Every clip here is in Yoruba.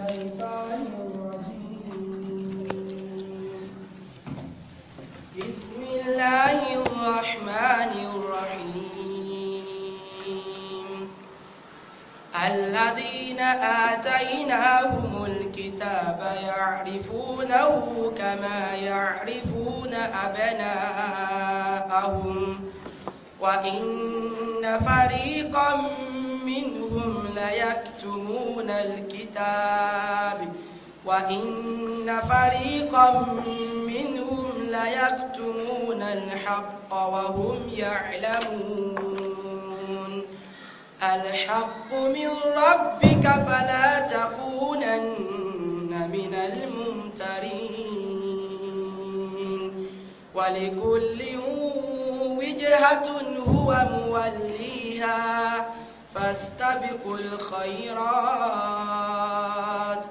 بسم الله الرحمن الرحيم الذين آتيناهم الكتاب يعرفونه كما يعرفون أبناءهم وإن فريقا منهم ليكتمون الكتاب وإن فريقا منهم ليكتمون الحق وهم يعلمون الحق من ربك فلا تكونن من الممترين ولكل وجهة هو موليها فاستبقوا الخيرات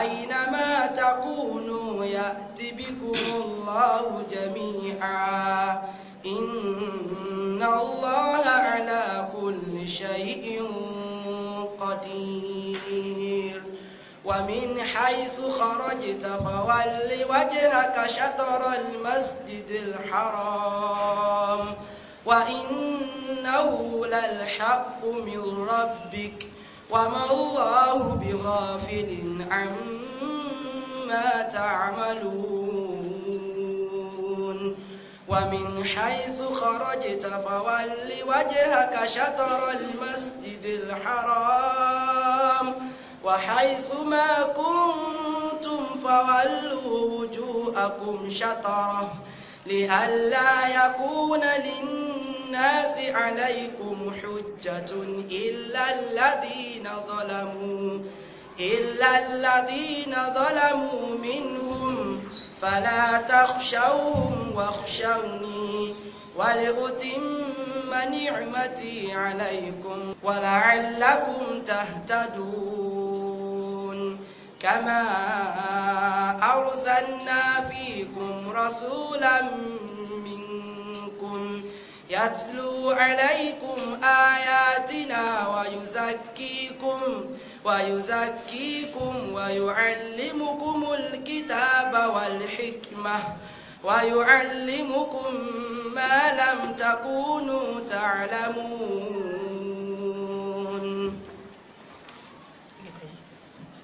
أينما تكونوا يأت بكم الله جميعا إن الله على كل شيء قدير ومن حيث خرجت فول وجهك شطر المسجد الحرام وإنه للحق من ربك وما الله بغافل عما تعملون ومن حيث خرجت فول وجهك شطر المسجد الحرام وحيث ما كنتم فولوا وجوهكم شطره لئلا يكون للناس للناس عليكم حجة إلا الذين ظلموا إلا الذين ظلموا منهم فلا تخشوهم واخشوني ولأتم نعمتي عليكم ولعلكم تهتدون كما أرسلنا فيكم رسولا يتلو عليكم آياتنا ويزكيكم ويزكيكم ويعلمكم الكتاب والحكمة ويعلمكم ما لم تكونوا تعلمون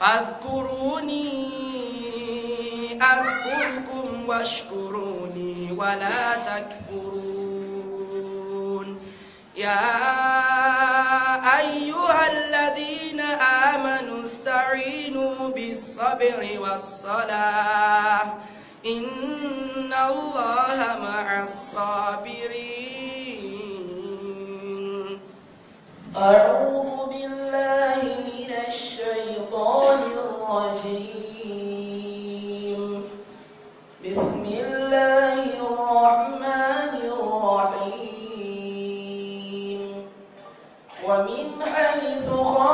فاذكروني أذكركم واشكروني ولا تكفرون يا أيها الذين آمنوا استعينوا بالصبر والصلاة إن الله مع الصابرين أعوذ بالله من الشيطان الرجيم بسم الله الرحمن الرحيم ومن حيث خرج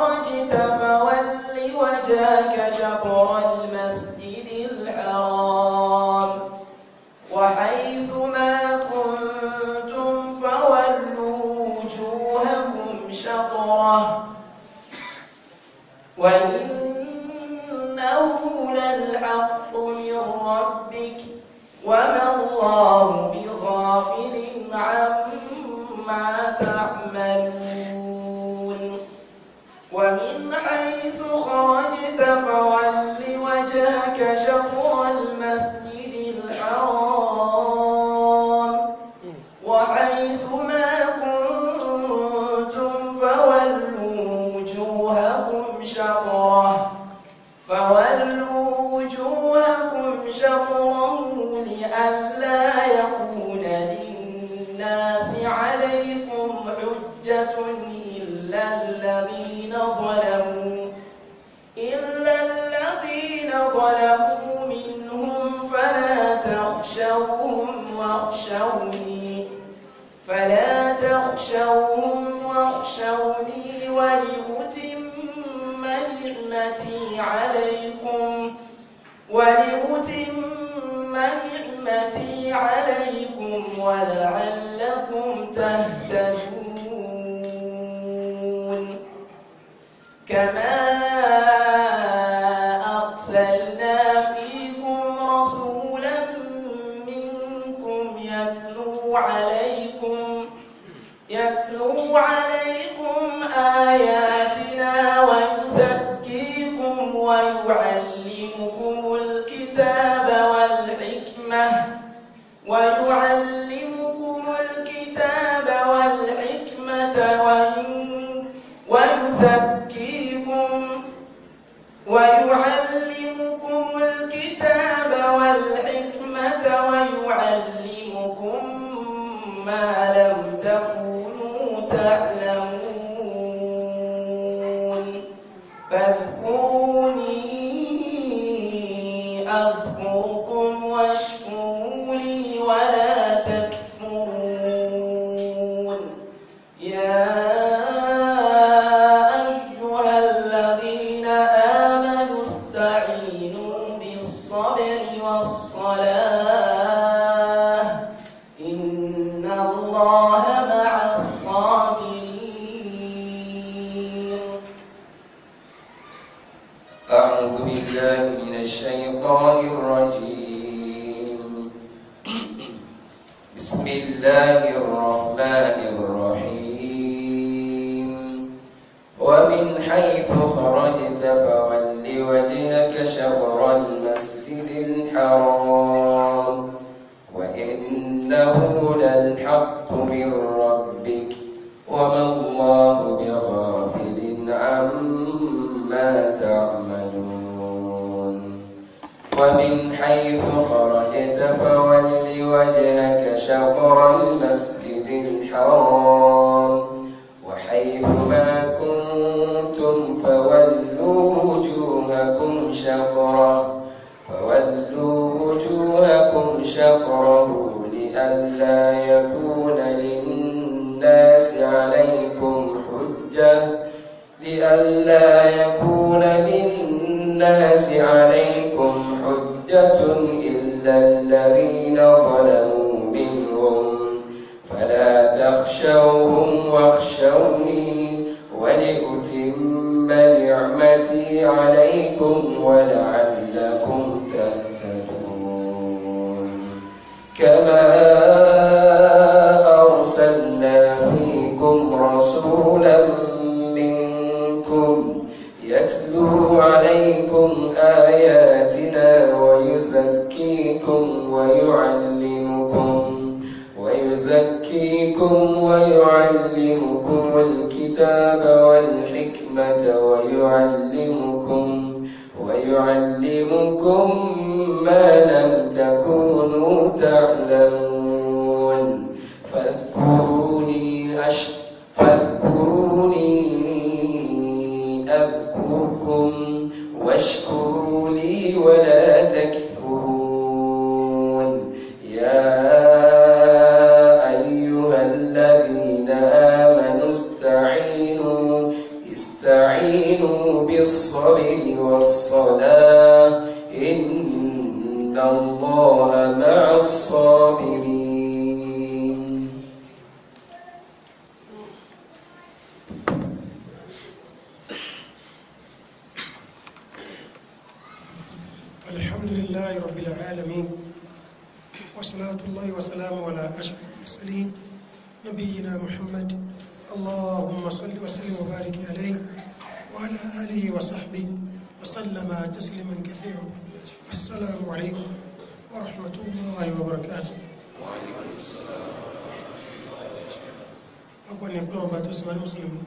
العالمين وصلاة الله وسلامه على أشرف المرسلين نبينا محمد اللهم صل وسلم وبارك عليه وعلى آله وصحبه وسلم تسليما كثيرا السلام عليكم ورحمة الله وبركاته وعليكم السلام ورحمة الله وبركاته سبحان المسلمين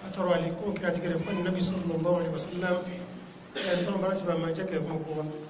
atọrọ àlékún kí a ti gẹrẹ fún Ànábì sallallahu alaihi wasallam ẹ ẹ tọrọ bá láti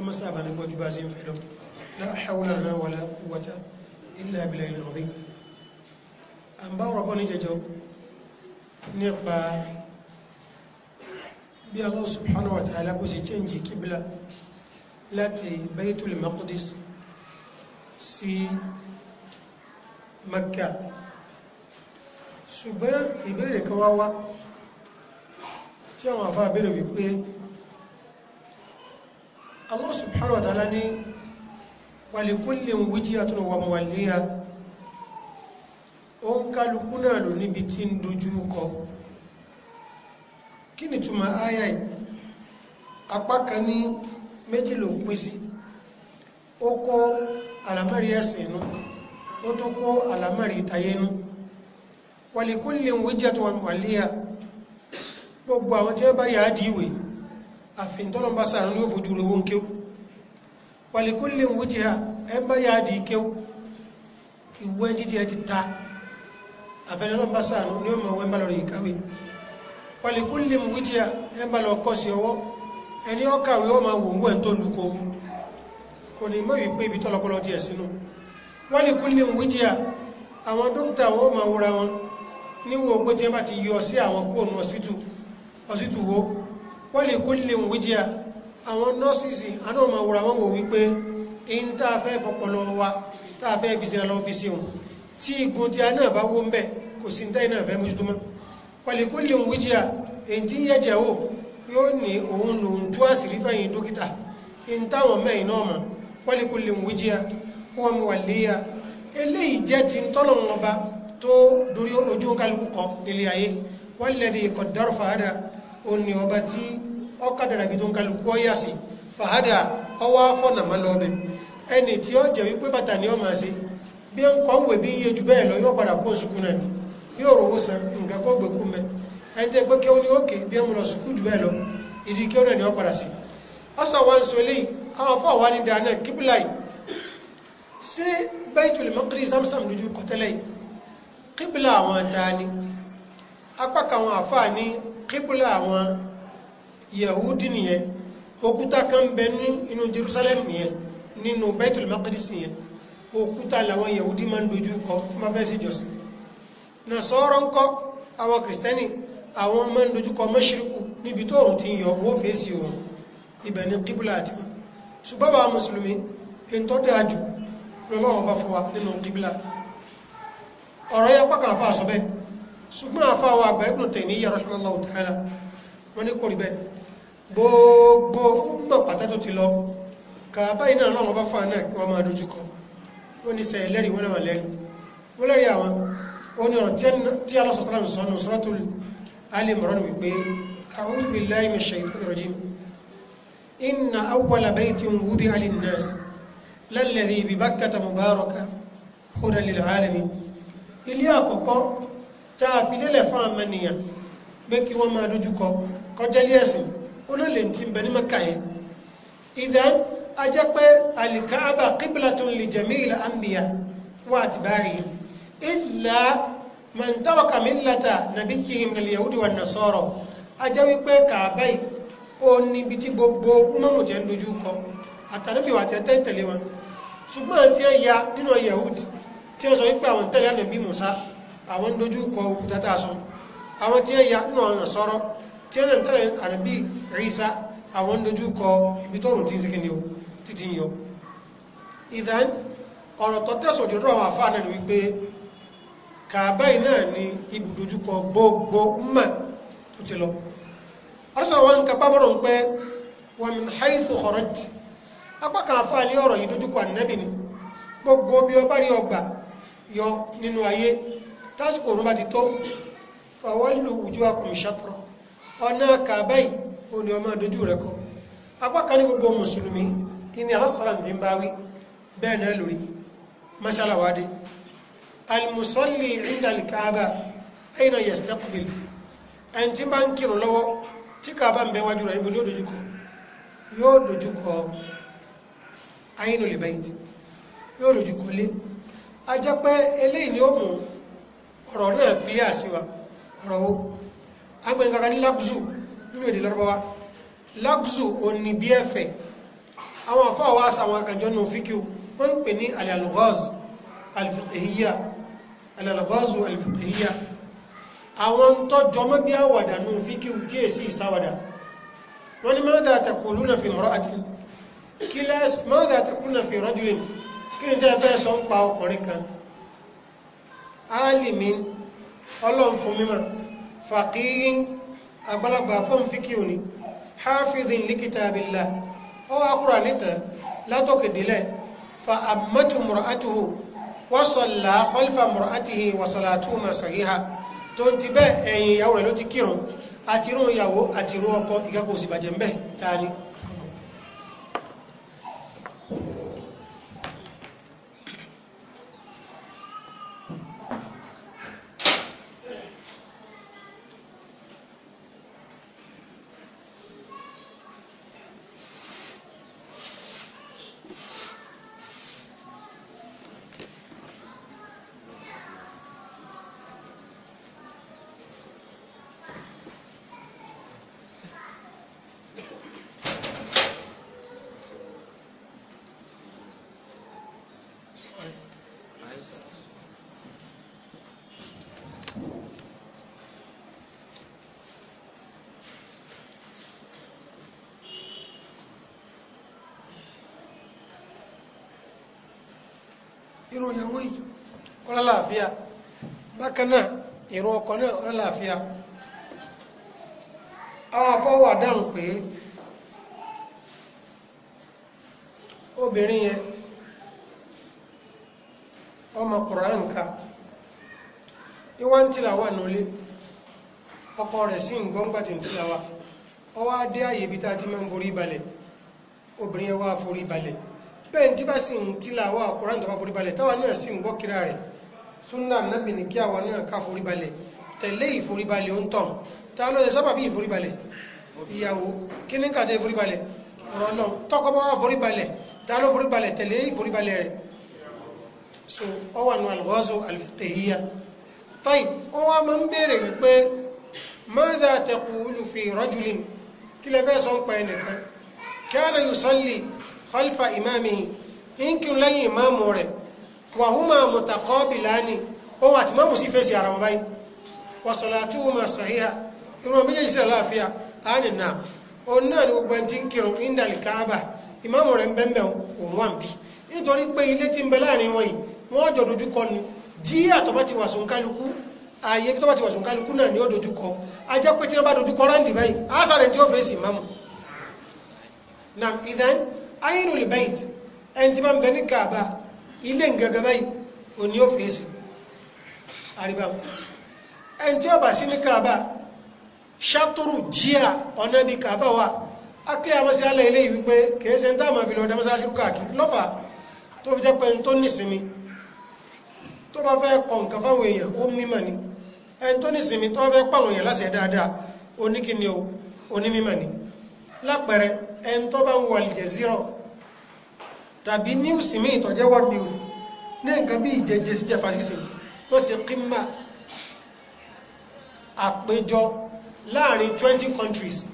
ọmọ sábà ní gbọ́jú bá sí ń fẹ́ lọ la hawla lana wala quwwata illa billahi al-azim à ń bá ọ̀rọ̀ bọ́ ní jẹjọ nípa bí Allah subhanahu wa ta'ala bó ṣe chẹ́ǹjì kíbla láti Baitul Makka ṣùgbọ́n ìbéèrè kan wá wá tí àwọn àfáà béèrè Allah subhanahu wa ta'ala ní walikulli wijiyatun wa muwalliha ó ń kálukú náà lò níbi tí ń dojú kọ kí ni túmọ̀ àyà yìí apá kan ní méjì ló pín sí ó kó àlámọ̀rí ẹ̀sìn inú ó tó kó àlámọ̀rí ìtayé inú walikulli wijiyatun wa muwalliha gbogbo àwọn tí wọ́n bá yà á di ìwé àfihìntọ́lọ́mbà sàánú yóò fojú rẹ̀ wọ́n kéw wàlìkúlẹ̀ ń wújì ha ẹmbá yá di kéw ìwé títí ẹ ti ta àfihìntọ́lọ́mbà sàánú ní ọmọ ẹmbá lọ rẹ̀ ìkàwé wàlìkúlẹ̀ ń wújì ha ẹmbá lọ kọ́ sí ọwọ́ ẹni ọkàwé ọmọ wòwú ẹ̀ tó nùkó kò ní mọ́ ìpé ibi tọ́lọpọlọ díẹ̀ sínú wàlìkúlẹ̀ ń wújì àwọn dókítà wọ́n máa wúra wọn níwò pé tí bá ti yọ sí àwọn gbóònù ọ̀sìtù ọ̀sìtù wo wọ́n lè kó lè wíjì à àwọn nọ́ọ̀sìsì àdó ma wòrà wọ́n wò wípé in tá a fẹ́ fọpọlọ wa tá a fẹ́ fi sí lọ fi sí òun tí igun tí a náà bá wó ń bẹ̀ kò sí ní táyìnà fẹ́ mójútó wọ́n lè kó lè wíjì à èyí tí ń yẹ̀jẹ̀ wò yóò ní òun lòun tó àṣírí fẹ̀yìn dókítà in táwọn mẹ́yìn náà mọ̀ wọ́n lè kó lè wọ́n wà léyà eléyìí jẹ́ ti tọ́lọ̀ wọn ba tó dorí ojú kálukú kọ nílé ayé wọ́n lè dè fàádà ó ní ọba tí ọkàdàrà bí tó ń kálukú ọyà sí fàhádà ọwọ́ afọ́nàmọ́ lọ́ọ́bẹ̀ ẹni tí ó jẹ́ wípé bàtà ni ó máa ṣe bí ń kọ́ ń wè bí iye jù bẹ́ẹ̀ lọ yóò padà kó sùkú náà ni yóò rówó san nǹkan kó gbèkú mẹ́ ẹni tẹ́ pé kí ó ní òkè bí ń lọ sùkú jù bẹ́ẹ̀ lọ ìdí kí ó náà ni ó padà sí ọ̀sọ̀ wa ń sọ àwọn afọ́ àwa ní dáná kíbùlà yìí ṣé Baitul Maqdis Zamzam lójú kọtẹ́lẹ̀ yìí kíbùlà àwọn ta ni apá kan àwọn àfáà ní kíbùlà àwọn yahudi nìyẹn òkúta kan bẹ ní inú jerusalem nìyẹn nínú baitul maqdis yẹn òkúta làwọn yahudi máa ń dojú kọ tí wọ́n fẹ́ sí jọ́sìn nàṣọ́rọ́ ń kọ́ àwọn kìrìsìtẹ́nì àwọn máa ń dojú kọ mọ́ṣíríkù níbi tó òun ti ń yọ wọ́n fèsì òun ibẹ̀ ní kíbùlà àti wọn ṣùgbọ́n bá mùsùlùmí in dáa jù lọ́wọ́ bá fún wa nínú kíbùlà ọ̀rọ̀ yẹn pàkànfà sọ bẹ́ẹ̀ ṣùgbọ́n àfáwà àgbà Ibn Taymiyyah rahimahullahu ta'ala wọ́n ní kò rí bẹ́ẹ̀ gbogbo mọ̀ pàtàkì ti lọ kàbá iná lọ́wọ́ bá fà náà kí wọ́n máa dojú kọ wọ́n ní sẹ́yìn lẹ́rìí wọ́n náà lẹ́rìí wọ́n lẹ́rìí àwọn ó ní ọ̀rọ̀ tí alọ́sọ̀tọ́lá ń sọ ní Suratul Ali Imran wípé a'udhu billahi minash shaitanir rajim inna awwala baytin wudi'a lin-nas lalladhi bi Bakkata mubarakan hudan lil-alamin ilé àkọ́kọ́ tá a fi lélẹ̀ fún àwọn ènìyàn pé kí wọ́n máa dojúkọ kọjálí ẹ̀sìn onílẹ̀ tí ń bẹ ní mẹ́ka yẹn ìdán a jẹ́ pé alìkáàbà qiblatun li jamil anbiya wà àti báyìí ìlà man taraka millata nabiyyihim lil yahudi wan nasara a jẹ́ wípé kàábà yìí ó níbi tí gbogbo umamu jẹ́ ń dojúkọ àtànábì wà tẹ́tẹ́ tẹ̀lé wọn ṣùgbọ́n tí ẹ nínú yahudi tí ẹ sọ wípé àwọn tẹ̀lé ànábì àwọn dojú kọ òkúta tá sọ àwọn tí ó ya nínú ọ̀nà sọ́rọ́ tí ó náà tẹ́lẹ̀ ànábì Ìsá àwọn dojú kọ ibi tóòrùn tí ń sìnkí ni ó títí yọ ìdán ọ̀rọ̀ tó tẹ̀sùn òjò rọ̀ àfáà náà ni wípé kàbáyì náà ni ibùdójúkọ gbogbo mọ̀ tó ti lọ arúsọ̀rọ̀ wọn kápá bọ́rọ̀ ń pẹ́ wọn min haithu kharajti apá kan àfáà ní ọ̀rọ̀ yìí dojúkọ ànábì ni gbogbo bí ọba rí tásìkò òun bá ti tó fàwọ́lù ojú akùnrin ṣàpọ̀ ọ̀nà kàbáyì òní ọmọ dojú rẹ̀ kọ apá kan ní gbogbo mùsùlùmí ìní alásàrà ní bá wí bẹ́ẹ̀ náà lórí mọ́ṣálàwádé almusalli inda alkaaba aina yastaqbil ẹni tí bá ń kírun lọ́wọ́ tí kaaba ń bẹ wájú rẹ̀ níbo ni ó kọ yóò dojú kọ ainul bayt yóò dojú kọ lé a jẹ́ pé eléyìí ni ó mú ọ̀rọ̀ náà clear sí wa ọ̀rọ̀ wo agbẹ̀yìn kankan ní lagzu nínú èdè lọ́rọ̀bọ́wá lagzu ò ní bí ẹ̀fẹ̀ àwọn afọ́wọ́ àṣà àwọn akànjọ́ nù fíkìú wọ́n ń pè ní al-alghaz al-fiqhiyya al-alghaz al-fiqhiyya àwọn tó jọmọ́ bí àwàdà nù fíkìú tí èsì ìsáwàdà wọ́n ní madha taquluna fi imra'atin madha taquluna fi rajulin kí ni tẹ́ fẹ́ sọ ń pa ọkùnrin kan alimin ọlọ́run fún mímọ̀ faqihin àgbàlagbà fún fíkíù ni hafidhin li kitabillah ó wá kúrò níta látọ̀kẹ̀dílẹ̀ fa ammatu mur'atuhu wa salla khalfa mur'atihi wa salatuhuma sahiha tó ń ti bẹ́ẹ̀ ẹ̀yìn ìyàwó rẹ̀ ló ti kírun àtirún ìyàwó àtirún ọkọ ìkẹ́kọ̀ọ́ òsì bàjẹ́ ń bẹ́ẹ̀ iruu yaa wey ola laafiya bákanna iruu kɔnɛ naa laafiya awa fɔ wa dan kpè obìnrin yɛ ɔmɔ kuran ka iwanti la wa nuli ɔkɔ rɛ si ń gbɔ ŋgbati ti la wa ɔwa di ayi bi ta ti ma ń forí balẹ obìnrin yɛ wa forí balẹ. bẹ́ẹ̀ tí bá sì ń tílà wà Kùránì tó bá forí balẹ̀ táwa náà sì ń gbọ́ kíra rẹ̀ súnà nábì ní kí àwa náà ká forí balẹ̀ tẹ̀lé ìforí balẹ̀ ń tọ̀ tá a lọ sábàbí ìforí balẹ̀ ìyàwó kí ní kàtẹ́ ìforí balẹ̀ ọ̀rọ̀ náà tọkọ bá wà forí balẹ̀ tá a forí balẹ̀ tẹ̀lé ìforí balẹ̀ rẹ̀ so ọ wà nù alghazu alfiqhiyya tayib ó wá máa ń béèrè wípé madha khalfa imamihi nkírun lẹ́yìn ìmáàmù rẹ̀ wa huma mutaqabilani òun àti ìmáàmù sì fèsì ara wọn báyìí wa salatuhuma sahiha ìrun méjèèjì sílẹ̀ láàfíà á nì nà òun náà ni gbogbo ẹni tí ń kírun indal kaaba ìmáàmù rẹ̀ ń bẹ́ẹ̀ òun wà ń bí nítorí pé ilé tí ń bẹ láàrin wọn yìí wọ́n jọ dojú kọ ni díẹ̀ tó bá ti wà sùn kálukú ààyè tó bá ti wà sùn kálukú náà ni ó dojú kọ a jẹ́ pé tí wọ́n bá dojú kọ ráǹdì báyìí ayinu lè bẹ́yìt ẹni tí máa ń bẹ ní kàbá ilé ngẹgẹ báyìí òní ọ́fíìsì àríbá ẹni tí ó bá sí ní kàbá ṣàtúrù jíà ọ̀nà ibi wa akílẹ̀ amọ́sí alẹ́ ilé yìí wípé kìí ṣe ń tá àmà ìfìlọ̀ ọ̀dẹ́mọ́sá sí káàkiri lọ́fà tó fi jẹ́ pé ń tó nísinmi tó bá fẹ́ kọ̀ nǹkan fáwọn èèyàn ó mímọ̀ ni ẹni tó nísinmi tó bá fẹ́ pàwọn èèyàn láṣẹ dáadáa oníkíni o onímímọ̀ ni lápẹẹrẹ ẹn tó bá ń wọ Al-Jazeera tàbí news mi ìtọ̀jẹ́ world news ní nǹkan bí ìjẹjẹ sí jẹfà sísè ó sì kíma àpéjọ láàrin 20 countries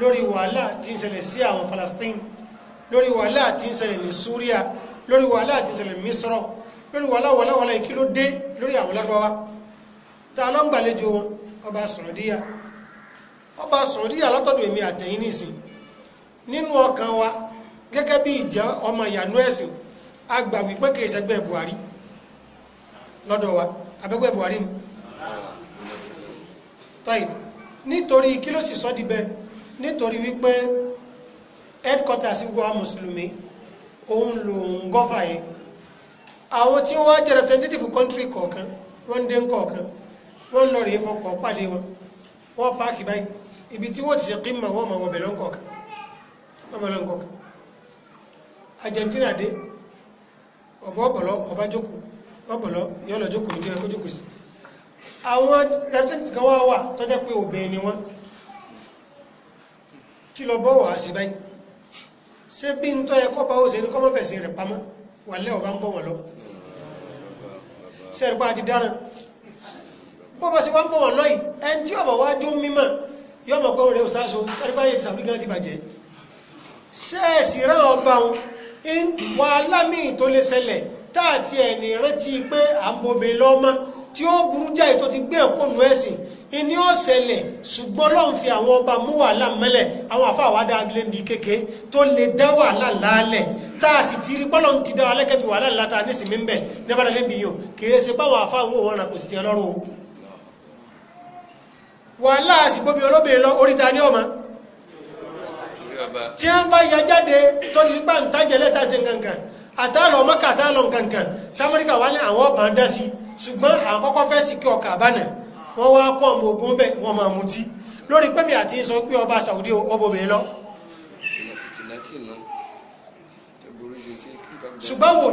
lórí wàhálà tí ń ṣẹlẹ̀ sí àwọn Palestine lórí wàhálà tí ń ṣẹlẹ̀ ní Syria lórí wàhálà tí ń ṣẹlẹ̀ ní Misra lórí wàhálà wàhálà wàhálà ìkílódé lórí àwọn lágbàwá ta ló ń gbàlejò wọn ọba Saudiya ọba sùúríyà látọ̀dọ̀ èmi àtẹ̀yìn nìsín nínú ọkàn wa gẹ́gẹ́ bí ìjà ọmọ ìyànú ẹ̀sìn a gbà wípé kì í ṣẹgbẹ́ buhari lọ́dọ̀ wa abẹ́gbẹ́ buhari ni táyì nítorí kí ló sì sọ di bẹ́ẹ̀ nítorí wípé headquarters wa mùsùlùmí òun lòun gọ́fà yẹn àwọn tí wọ́n jẹ́ representative country kọ̀ọ̀kan wọ́n ń dé ń kọ̀ọ̀kan wọ́n lọ rèé fọkọ̀ pàdé wọn wọ́n páàkì báyìí ibi tí wọ́n ti ṣe kíma wọ́n ma wọ́bẹ̀ lọ́nkọ̀ọ̀kan Argentina dé ọ̀bọ̀ ọ̀bọ̀lọ́ ọba jókòó ọ̀bọ̀lọ́ yọ́lọ̀ jókòó jẹ́ ẹkọ́ jókòó sí àwọn representative kan wá wà tọ́jẹ́ pé obìnrin ni wọ́n kí lọ bọ́wọ̀ á sí báyìí ṣé bí ń tọ́ ẹkọ́ bá ó ṣe ní kọ́mọ́fẹ̀sì rẹ̀ pamọ́ wà lẹ́ ọba ń bọ̀ wọ́n lọ sẹ́rìpá àti dáràn bọ́bọ̀ sí wá ń bọ̀ wọ́n lọ yìí ẹni tí ọ̀bọ̀ wájú mímọ̀ yọ mọ̀ pé òun rẹ̀ òsáṣo ẹgbẹ́ ayé ti sàbí gan ti bàjẹ́ sẹ́ẹ̀sì rán ọba òun wàhálà míì tó lè ṣẹlẹ̀ táàtì ẹ̀nì rántí pé à ń bobe lọ́mọ tí ó burú jáì tó ti gbé ẹ̀kọ́ nù ẹ̀sìn ìní ọ̀sẹ̀lẹ̀ ṣùgbọ́n lọ́n fi àwọn ọba mú wàhálà mẹ́lẹ̀ àwọn àfa àwádà kéke tó lè dá wàhálà láàlẹ̀ tá a sì ti rí bọ́lọ̀ ń ti dá wa lẹ́kẹ̀ẹ́ bí wàhálà láta ń bẹ̀ nígbàdàn lébi yìí kì í ṣe báwọn àfa òun rà kò sì ti ọlọ́run o wa àsìgbóbi olóbìnrin lọ oríta ní ọmọ tí a ń bá ya jáde tó ní pa ń tajẹ lẹ́ta ti nkankan àtàlọ ọmọkà àtàlọ nkankan tamẹ́ríkà wà ní àwọn ọba ń dá sí ṣùgbọ́n àkọ́kọ́ fẹ́ sì kí ọkà àbánà wọ́n wá kọ́ ọmọ ogun bẹ́ẹ̀ wọ́n máa mutí lórí pẹ́mi àti sọ pé ọba Saudi ọbọbìnrin lọ. ṣùgbọ́n wo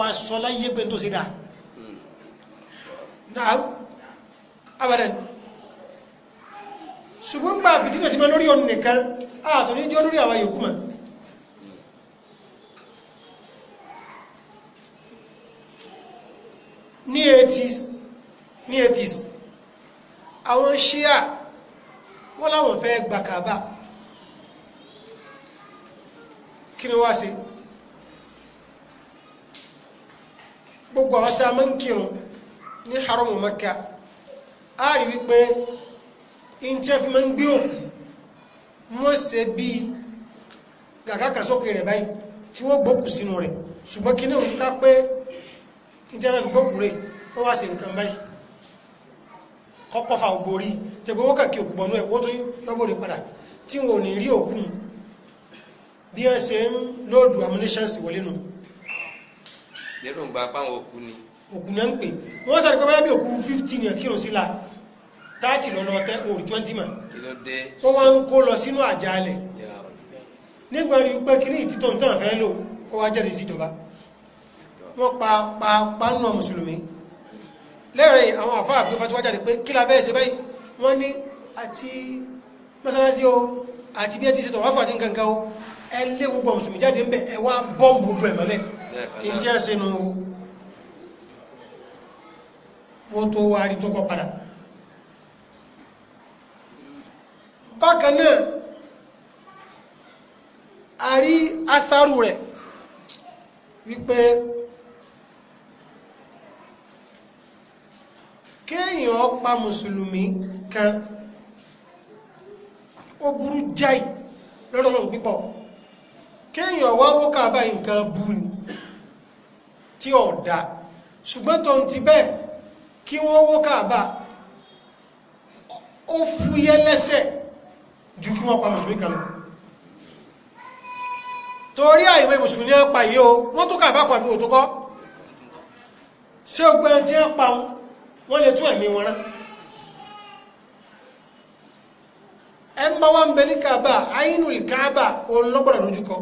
wa sọ láyé pé tó ṣe ṣùgbọ́n gbà fìtínà ti mọ lórí ọ̀nà nìkan ààtò ní jọ lórí àwọn yòókù mọ̀ ní 80s ní 80s àwọn ṣíà wọ́n láwọn fẹ́ gbà kàbà kí ni wá sí gbogbo àwọn tá a máa ń kírun ní haramu Mẹ́kà a rí wípé ìntẹ́ fi máa ń gbé òkú wọ́n ṣe bí gàkàkà sókè rẹ̀ báyìí tí wọ́n gbókù sínú rẹ̀ ṣùgbọ́n kí ní òun pé ìntẹ́ fi gbókù rẹ̀ ó wá sí nǹkan báyìí kọ́kọ́ fa ògbò rí tẹ̀gbẹ́ wọ́n kàkí òkú bọ̀nú ẹ̀ wọ́n tún yọ́bọ̀ rẹ̀ padà tí wọn ò ní rí òkú bí wọ́n ṣe ń lóòdù ammunitions wọlé nù. lérò ń gba apáwọn òkú ni. òkú ni wọ́n ń pè wọ́n sáré táàtì lọ́lọ́ tẹ́ orí twenty mọ̀ wọ́n wá ń kó lọ sínú àjálẹ̀ nígbà rí pé kí ní ìtítọ́ tán fẹ́ lò ó wá jáde síjọba wọ́n pa pa pánú mùsùlùmí lẹ́rìn àwọn àfáà pé fatiwa jáde pé kí la bẹ́ẹ̀ ṣe báyìí wọ́n ní àti mọ́sálásí o àti bí ẹ ti ṣe tọ̀wáfà àti nǹkan kan o ẹ lé gbogbo mùsùlùmí jáde ń bẹ̀ ẹ wá bọ́ǹbù bẹ̀ mọ́lẹ̀ ìjẹ́ sínú wọ́n tó wá tó kọ́ padà bákan náà a rí asaru rẹ̀ wípé kéèyàn pa mùsùlùmí kan ó burú jáì lọ́rọ̀lọ́rùn pípọ̀ kéèyàn wá wó káàbá nǹkan bú ni tí ò dá ṣùgbọ́n tó ń ti bẹ́ẹ̀ kí wọ́n wó káàbá ó fúyẹ́ lẹ́sẹ̀ ju kí wọ́n pa mùsùlùmí kan lọ torí àìmọ̀ mùsùlùmí ní pa yìí o wọ́n tó kà bá kọ̀ àbí òtókọ́ ṣé o pé tí ń pa wọ́n lè tún ẹ̀mí wọn rán ẹ ń bá wa ń bẹ ní kaaba ayinu kaaba òun lọ́gbọ̀dọ̀ lójú kọ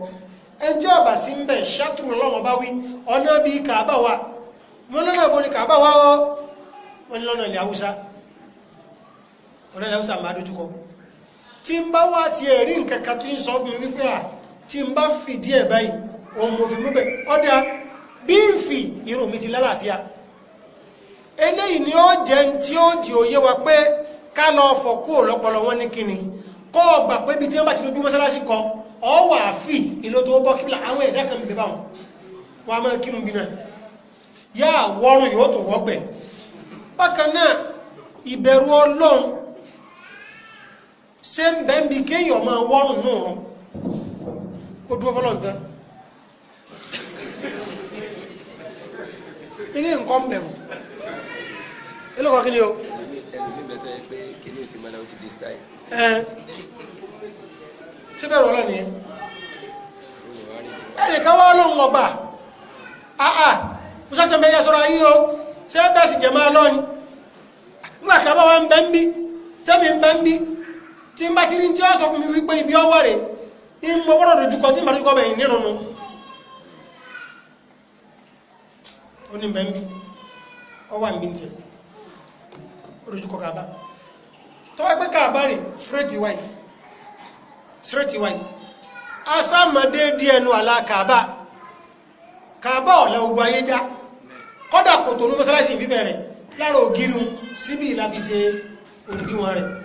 ẹjọ́ ọ̀bà sí ń bẹ̀ ṣàtúrò lọ́wọ́ bá wí ọ̀nà bíi kaaba wa wọn lọ́nà ìbò ní kaaba wa ó wọn lọ́nà ilẹ̀ haúsá ọ̀nà ilẹ̀ haúsá máa dojú tí n bá wá ti ẹ̀rí nǹkan kan tó ń sọ fún mi wípé à tí n bá fìdí ẹ̀ báyìí òun mo fi mú bẹ̀ ọ̀dà bí n fi irun mi ti lálàáfíà eléyìí ni ó jẹ́ tí ó di òye wa pé ká lọ fọ̀ kú ọ̀lọ́pọ̀lọ́ wọn ní kíni kọ́ ọgbà pé ibi tí wọ́n bá ti lójú mọ́sálásí kọ ọ wà á fì inú tó bọ́ kíbla àwọn ẹ̀dá kan bíbá wọn wọn a máa kírun bí náà yá àwọrùn yóò tó wọ́gbẹ̀ bákan náà ìbẹ̀rù ọlọ́run ṣé ń bẹ́ ń bi kéèyàn máa wọ́rùn náà rán kó dúró fọlọ́ nǹkan ilé nǹkan bẹ̀rù ilé nǹkan kíni o. ẹnu mi bẹ tẹ ẹ pé kíní ti máa náwó ti di style. ẹ ṣé bẹ́ẹ̀ rọ ọlọ́ni ẹnì kan wá lóhùn ọgbà àà musa bẹ́ẹ̀ yẹ sọ́ra o ṣé bẹ́ẹ̀ sì jẹ̀ máa lọ́ni nígbà tí a bá wà ń bẹ́ ń bí tẹ́mi ń bẹ́ ń bí. tí n bá ti rí tí ó sọ fún mi wípé ibi ọwọ́ rẹ̀ ń mọ wọ́rọ̀ dojúkọ tí n bá dojúkọ nírùnú ó ní bẹ́ẹ̀ ọwọ́ àmì tiẹ̀ ó dojúkọ kàbá pé kàbá rẹ̀ sírètì wáyé sírètì wáyé ẹnu àlá kàbá kàbá ọ̀lẹ́ ogun ayé kọ́dà kò tó ní mọ́sálásì ìfífẹ́ rẹ̀ lára ògiri rẹ̀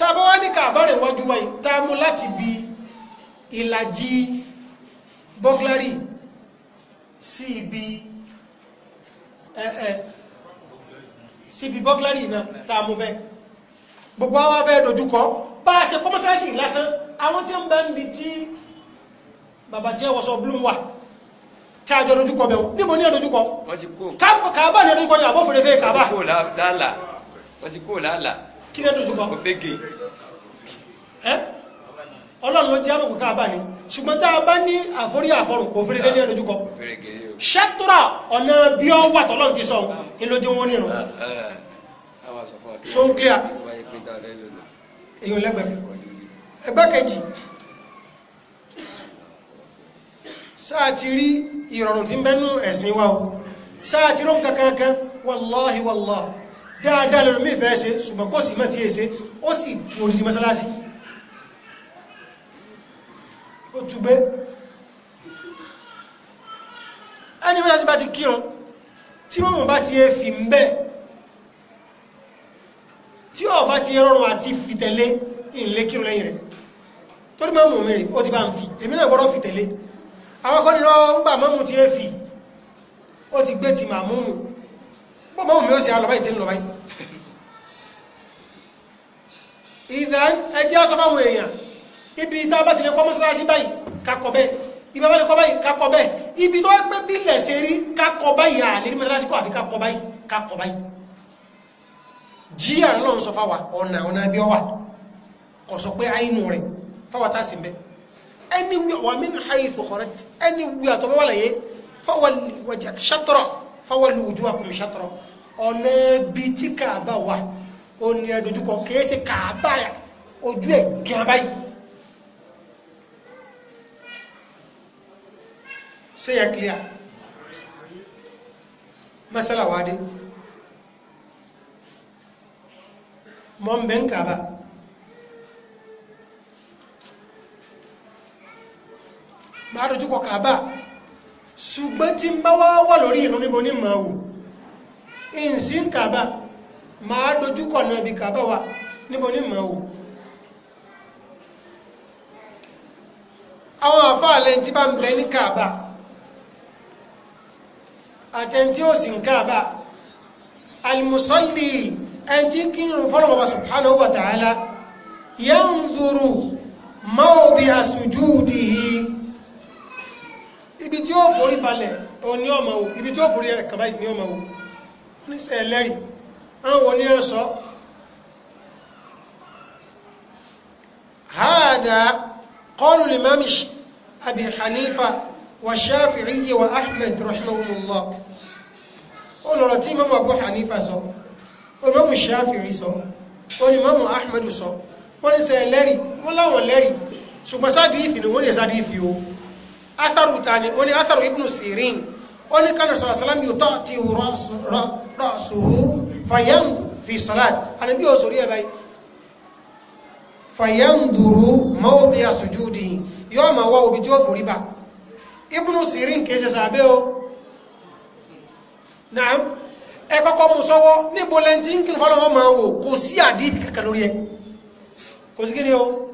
tàbá wá ní kàbárẹ̀ wájú wáyé tá mú láti bí ìlàjì bọ́glárì sí ibi ẹ̀ẹ́ sí ibi bọ́glárì náà tá mú bẹ́ gbogbo àwọn afẹ́ dojúkọ bá a ṣe kọ́mọ́sáàsì lásán àwọn tí ó ń bẹ́ ń bi tí bàbá tí ẹ wọ́sọ blue wà tí a jọ dojúkọ bẹ̀rù níbo ní ẹ̀dojúkọ kàbá ní ẹ̀dojúkọ ní àbófèrèfé kàbá wọ́n ti kó làálàá kí ló dojú kọ. òfegè. ẹ ọlọ́run ló jẹ́ àrùn kọ́kọ́ àbá ni ṣùgbọ́n tá a bá ní àforí àforùn kò fèrègé ní ẹlójú kọ. ṣẹ́tùrà ọ̀nà bí ọ wà tọ́lọ́run ti sọ ní lójú wọn nínú. so n clear. èyí ò lẹ́gbẹ̀ẹ́ ẹgbẹ́ kejì sáà ti rí ìrọ̀rùn tí ń bẹ́nu ẹ̀sìn wa o sáà ti rún kankan kan wàláhi wàláhi dáadáa lọ́rọ̀ mí fẹ́ ṣe ṣùgbọ́n kò sí mọ́ tí èṣe ó sì tu odidi mọ́sálásí ó túgbé ẹni mọ́sálásí bá ti kírun tí mọ́mọ́ bá ti fi ń bẹ́ tí ó bá ti rọrùn àti fìtẹ̀lé ìlé kírun lẹ́yìn rẹ̀ torí mọ́mọ́ mi rè ó ti bá ń fi èmi náà gbọ́dọ̀ fìtẹ̀lé àwọn akọ́nirọ́ ń gbà mọ́mọ́ ti fi ó ti gbé ti màmúmù bó bá wù mí ó sì alọ́bá yìí ti ń lọ báyìí ìdá ẹjẹ́ aṣọ fáwọn èèyàn ibi tá bá ti lè kọ́ mọ́sálásí báyìí kakọ̀ bẹ́ẹ̀ ibi bá lè kọ́ báyìí kakọ̀ bẹ́ẹ̀ ibi tó pé bílẹ̀ ṣe rí kakọ̀ báyìí àlè ní mọ́sálásí kọ́ àfi kakọ̀ báyìí kakọ̀ báyìí jí àlọ́ ń sọ fáwa ọ̀nà ọ̀nà ibi ọwà kò sọ pé àìnú rẹ̀ fáwa tá sì ń bẹ́ ẹni wíwà wà mí nà áyì fòkọrẹ ẹni wíwà tó bá wà láyé fáwa lè wọjà ọ̀nà ibi tí kàábà wà ó ní ẹdójúkọ kìí ṣe kàábà ojú ẹ̀ gan báyìí ṣé yẹ clear masala wa dé mọ mbẹ ń kàábà máa dojúkọ kàábà ṣùgbọ́n tí n bá wá wà lórí ìrún níbo ní màá wò ìsìn kàbà máa dojúkọ náà bí kàbà wa níbo ní màá wò àwọn àfáàlẹ̀ tí bá ń bẹ ní kàbà àtẹ̀ntí ò sì ń kàbà almusalli ẹn tí kí ń fọ́nà bàbá subhanahu wa ta'ala yanduru mawdi asujudihi ibi tí ó forí balẹ̀ òní ọmọ wò ibi tí ó forí ẹ̀kàbá ìní ọmọ wò oníṣẹ́ ẹlẹ́rìí àwọn oníyànsọ́ hádà kọlù limami abi hanifa wa shafi'i wa ahmed rahimahumullah olùrọ̀ tí imamu abu hanifa sọ imamu shafi'i sọ onímọ̀mù ahmed sọ wọ́n ní sẹ́ lẹ́rìí wọ́n láwọn lẹ́rìí ṣùgbọ́n sádìífì ni wọ́n ní sádìífì o atharu ta ni wọ́n ní atharu ibnu sirin wọ́n ní kánà sọ̀rọ̀ sálámi yóò tọ́ ti rọ́ ra'suhu fayandu fi salat anabi o sori ebai fayanduru mawbi asujudi yo ma wa obi jo fori ba ibnu sirin ke se sabe o naam e kọ́kọ́ mú sọ́wọ́ ni bo len tin kin fọlọ ma wo kò sí hadith kankan lórí ẹ̀ kò sí kini o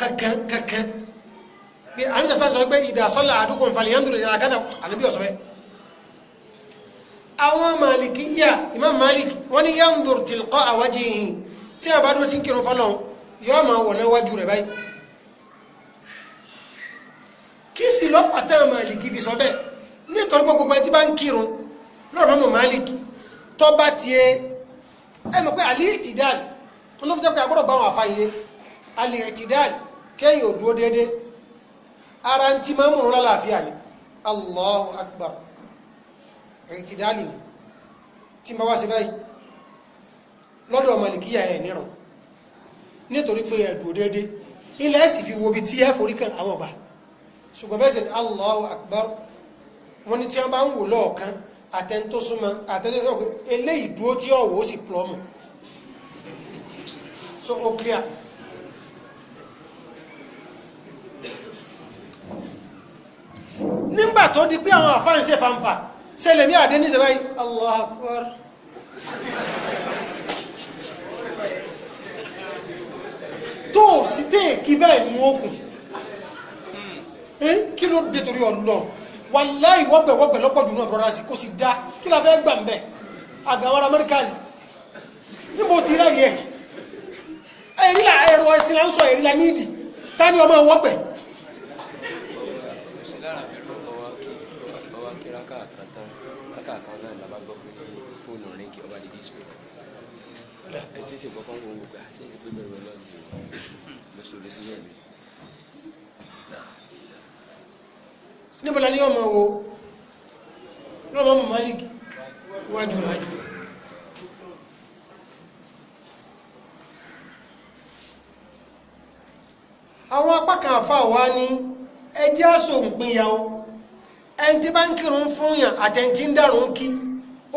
kankan kankan bi anabi sallallahu sọ pé ida salla adukum falyandur àwọn malikiya imam malik wọ́n ní yanzur tilqa wajihi tí a bá dúró tí ń kírun fọ́lọ́n yóò máa wọ̀ náà wájú rẹ̀ báyìí kí sì lọ́fà táwọn maliki fi sọ bẹ́ẹ̀ nítorí pé gbogbo ẹtí bá ń kírun lọ́rọ̀ mọ́ malik tó bá tiẹ̀ ẹ mọ̀ pé al-i'tidal tó ló fi jẹ́ pé agbọ́dọ̀ bá wọn àfààyè al-i'tidal kẹ́yìn ò déédéé ara ń ti máa ń múnra ẹ̀tìdálù ní tí ma wá sí báyìí lọ́dọ̀ malikiya ẹ̀ nírọ̀ nítorí pé ẹ̀dùn déédé ilẹ̀ ẹ̀sì fi wo bí tí ẹ forí kan àwọn ọba ṣùgbọ́n bẹ́ẹ̀ sì ni Allahu Akbar wọn ni tí wọn bá ń wò lọ́ọ̀kan àtẹ́ntó súnmọ́ pé eléyìí dúró tí ọ̀wọ́ ó sì plọ́mù so ó clear nígbà tó di pé àwọn àfáàǹsẹ̀ fanfa ṣẹlẹ̀ ní àdé ní ìṣẹ̀báyìí allah akbar tó o sì tẹ́ kí báyìí mú ogun eh, kí ló dé torí ọ̀nà wàláì wọ́gbẹ̀wọ́gbẹ̀ lọ́pọ̀jù náà rọra sí kó sì dá kí la fẹ́ gbà ń bẹ̀ àgàwárà mẹ́ríkàzì níbo ti rẹ̀ rí ẹ̀ ẹ̀rí la ẹ̀rọ ẹ̀sìn là ń sọ ẹ̀rí la níìdì ta ni ọmọ wọ́gbẹ̀ wákà kan náà la bá gbọ́ pé fóònù rìn kí ọba dìde sùn ẹ ti ṣe kọ́kọ́ wo gbà ṣé ìdí pé bẹ̀rù ọlọ́run ni mo ṣòro sí ẹ̀mí. níbo la ní ọmọ wo lọ́mọ mọ̀ malik iwájú rẹ̀. àwọn apá kan àfa wa ní ẹjẹ́ àsòǹpin ya ẹni tí bá ń kírun fún yàn àtẹ̀ntí ń dàrún kí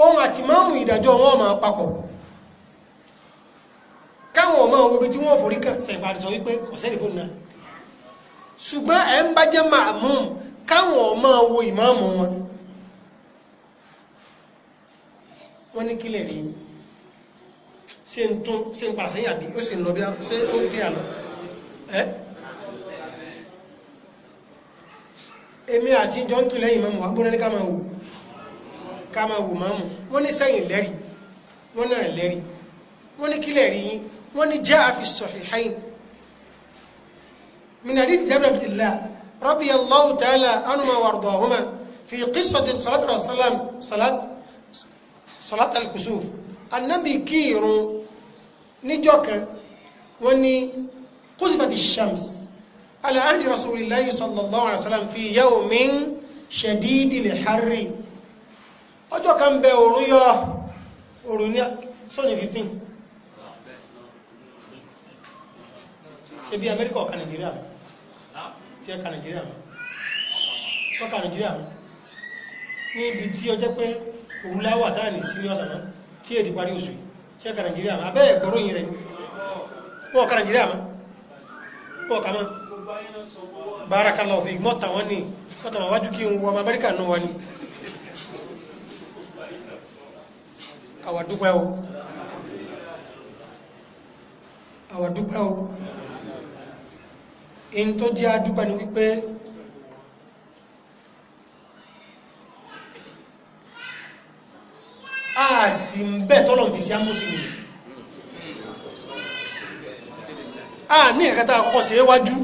òun àti máàmù ìdájọ́ wọn máa papọ̀ káwọn ọmọ òwe tí forí kàn ọmọ ìmáàmù wọn ní kílẹ̀ rí ṣe ń tún ṣe ń pàṣẹ yàbí ó sì ń lọ bí ó ń èmi àti jọ ń kí lẹ́yìn mọ́mù wọ́n ní ká máa wò ká máa wò mọ́mù wọ́n ní sẹ́yìn lẹ́rì wọ́n náà lẹ́rì wọ́n ní kílẹ̀ rí yín wọ́n ní jẹ́ àfi sahihayn min hadith jabir abdillah radiyallahu ta'ala anuma wardahuma fi qissati salatu rasalam salat salat al-kusuf annabi kírun níjọ́ kan wọ́n ní kusifati shams على عهد رسول الله صلى الله عليه وسلم في يوم شديد الحر ọjọ́ kan bẹ òrùn yọ òrùn ní sọ́ni 15 ṣe bí amẹ́ríkà ọ̀ka nàìjíríà tí ẹka nàìjíríà ọ̀ka nàìjíríà ní ibi tí ọjọ́ pé òun láwà táà ní sílé ọ̀sán náà tí èdè parí oṣù tí ẹka nàìjíríà abẹ́ ẹ̀gbọ́ròyìn rẹ̀ ní wọ́n ọ̀ka nàìjíríà mọ́ wọ́n ọ̀ka mọ́ barakallahu fi mọ́ta wọn ni mọ́ta wọn wájú kí n wọ ọmọ amẹ́ríkà náà wá ni àwàdúpẹ́ o àwàdúpẹ́ o èyí tó jẹ́ àdúpẹ́ ni wípé a sì ń bẹ́ tọ́lọ̀ fi sí amúsùlùmí a ní ẹ̀kẹta àkọ́kọ́ sí iwájú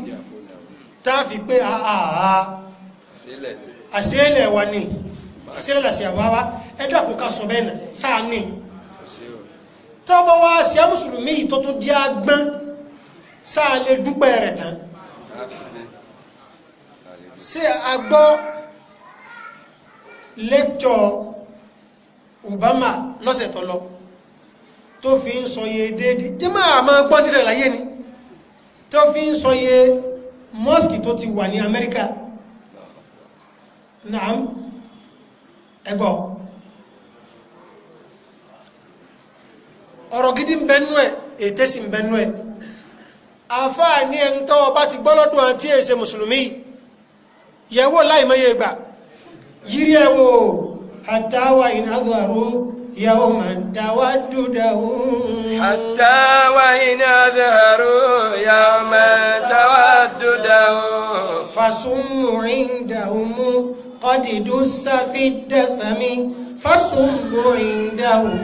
táàfi pé àhàhà ah, ah, ah. àṣẹ́lẹ̀ wa ni àṣẹ́lẹ̀ làṣẹ àwáwá ẹjọ́ àkókò sọ bẹ́ẹ̀ náà sáà ní tọ́bọ̀ wá sí àmùsùlùmí tó tún jẹ́ agbọ́n sáà lè dúpẹ́ rẹ̀ tán ṣé agbọ́ lẹ́kítọ̀ Obama lọ́sẹ̀ tó lọ tó fi ń sọ iye déédéé jẹ́ máa máa gbọ́n tíṣẹ̀lẹ̀ láyé ni tó fi ń sọ iye mosque tó ti wà ní Amẹ́ríkà naam ẹgọ́ ọ̀rọ̀ gidi ń bẹnú ẹ̀ ètè sì ń bẹnú ẹ̀ àfáà ní ẹni tọ́wọ́ bá ti gbọ́lọ́dún àti èsè mùsùlùmí yẹ̀wò láìmọye gbà yírí ẹ̀wò àtàwà ìnáàdùárò yàwó máa ń tàwà dúdáhùn. àtàwà ìnáàdùárò yàwó máa ń tàwà وسم عندهم قد دس في الدسم فسم عندهم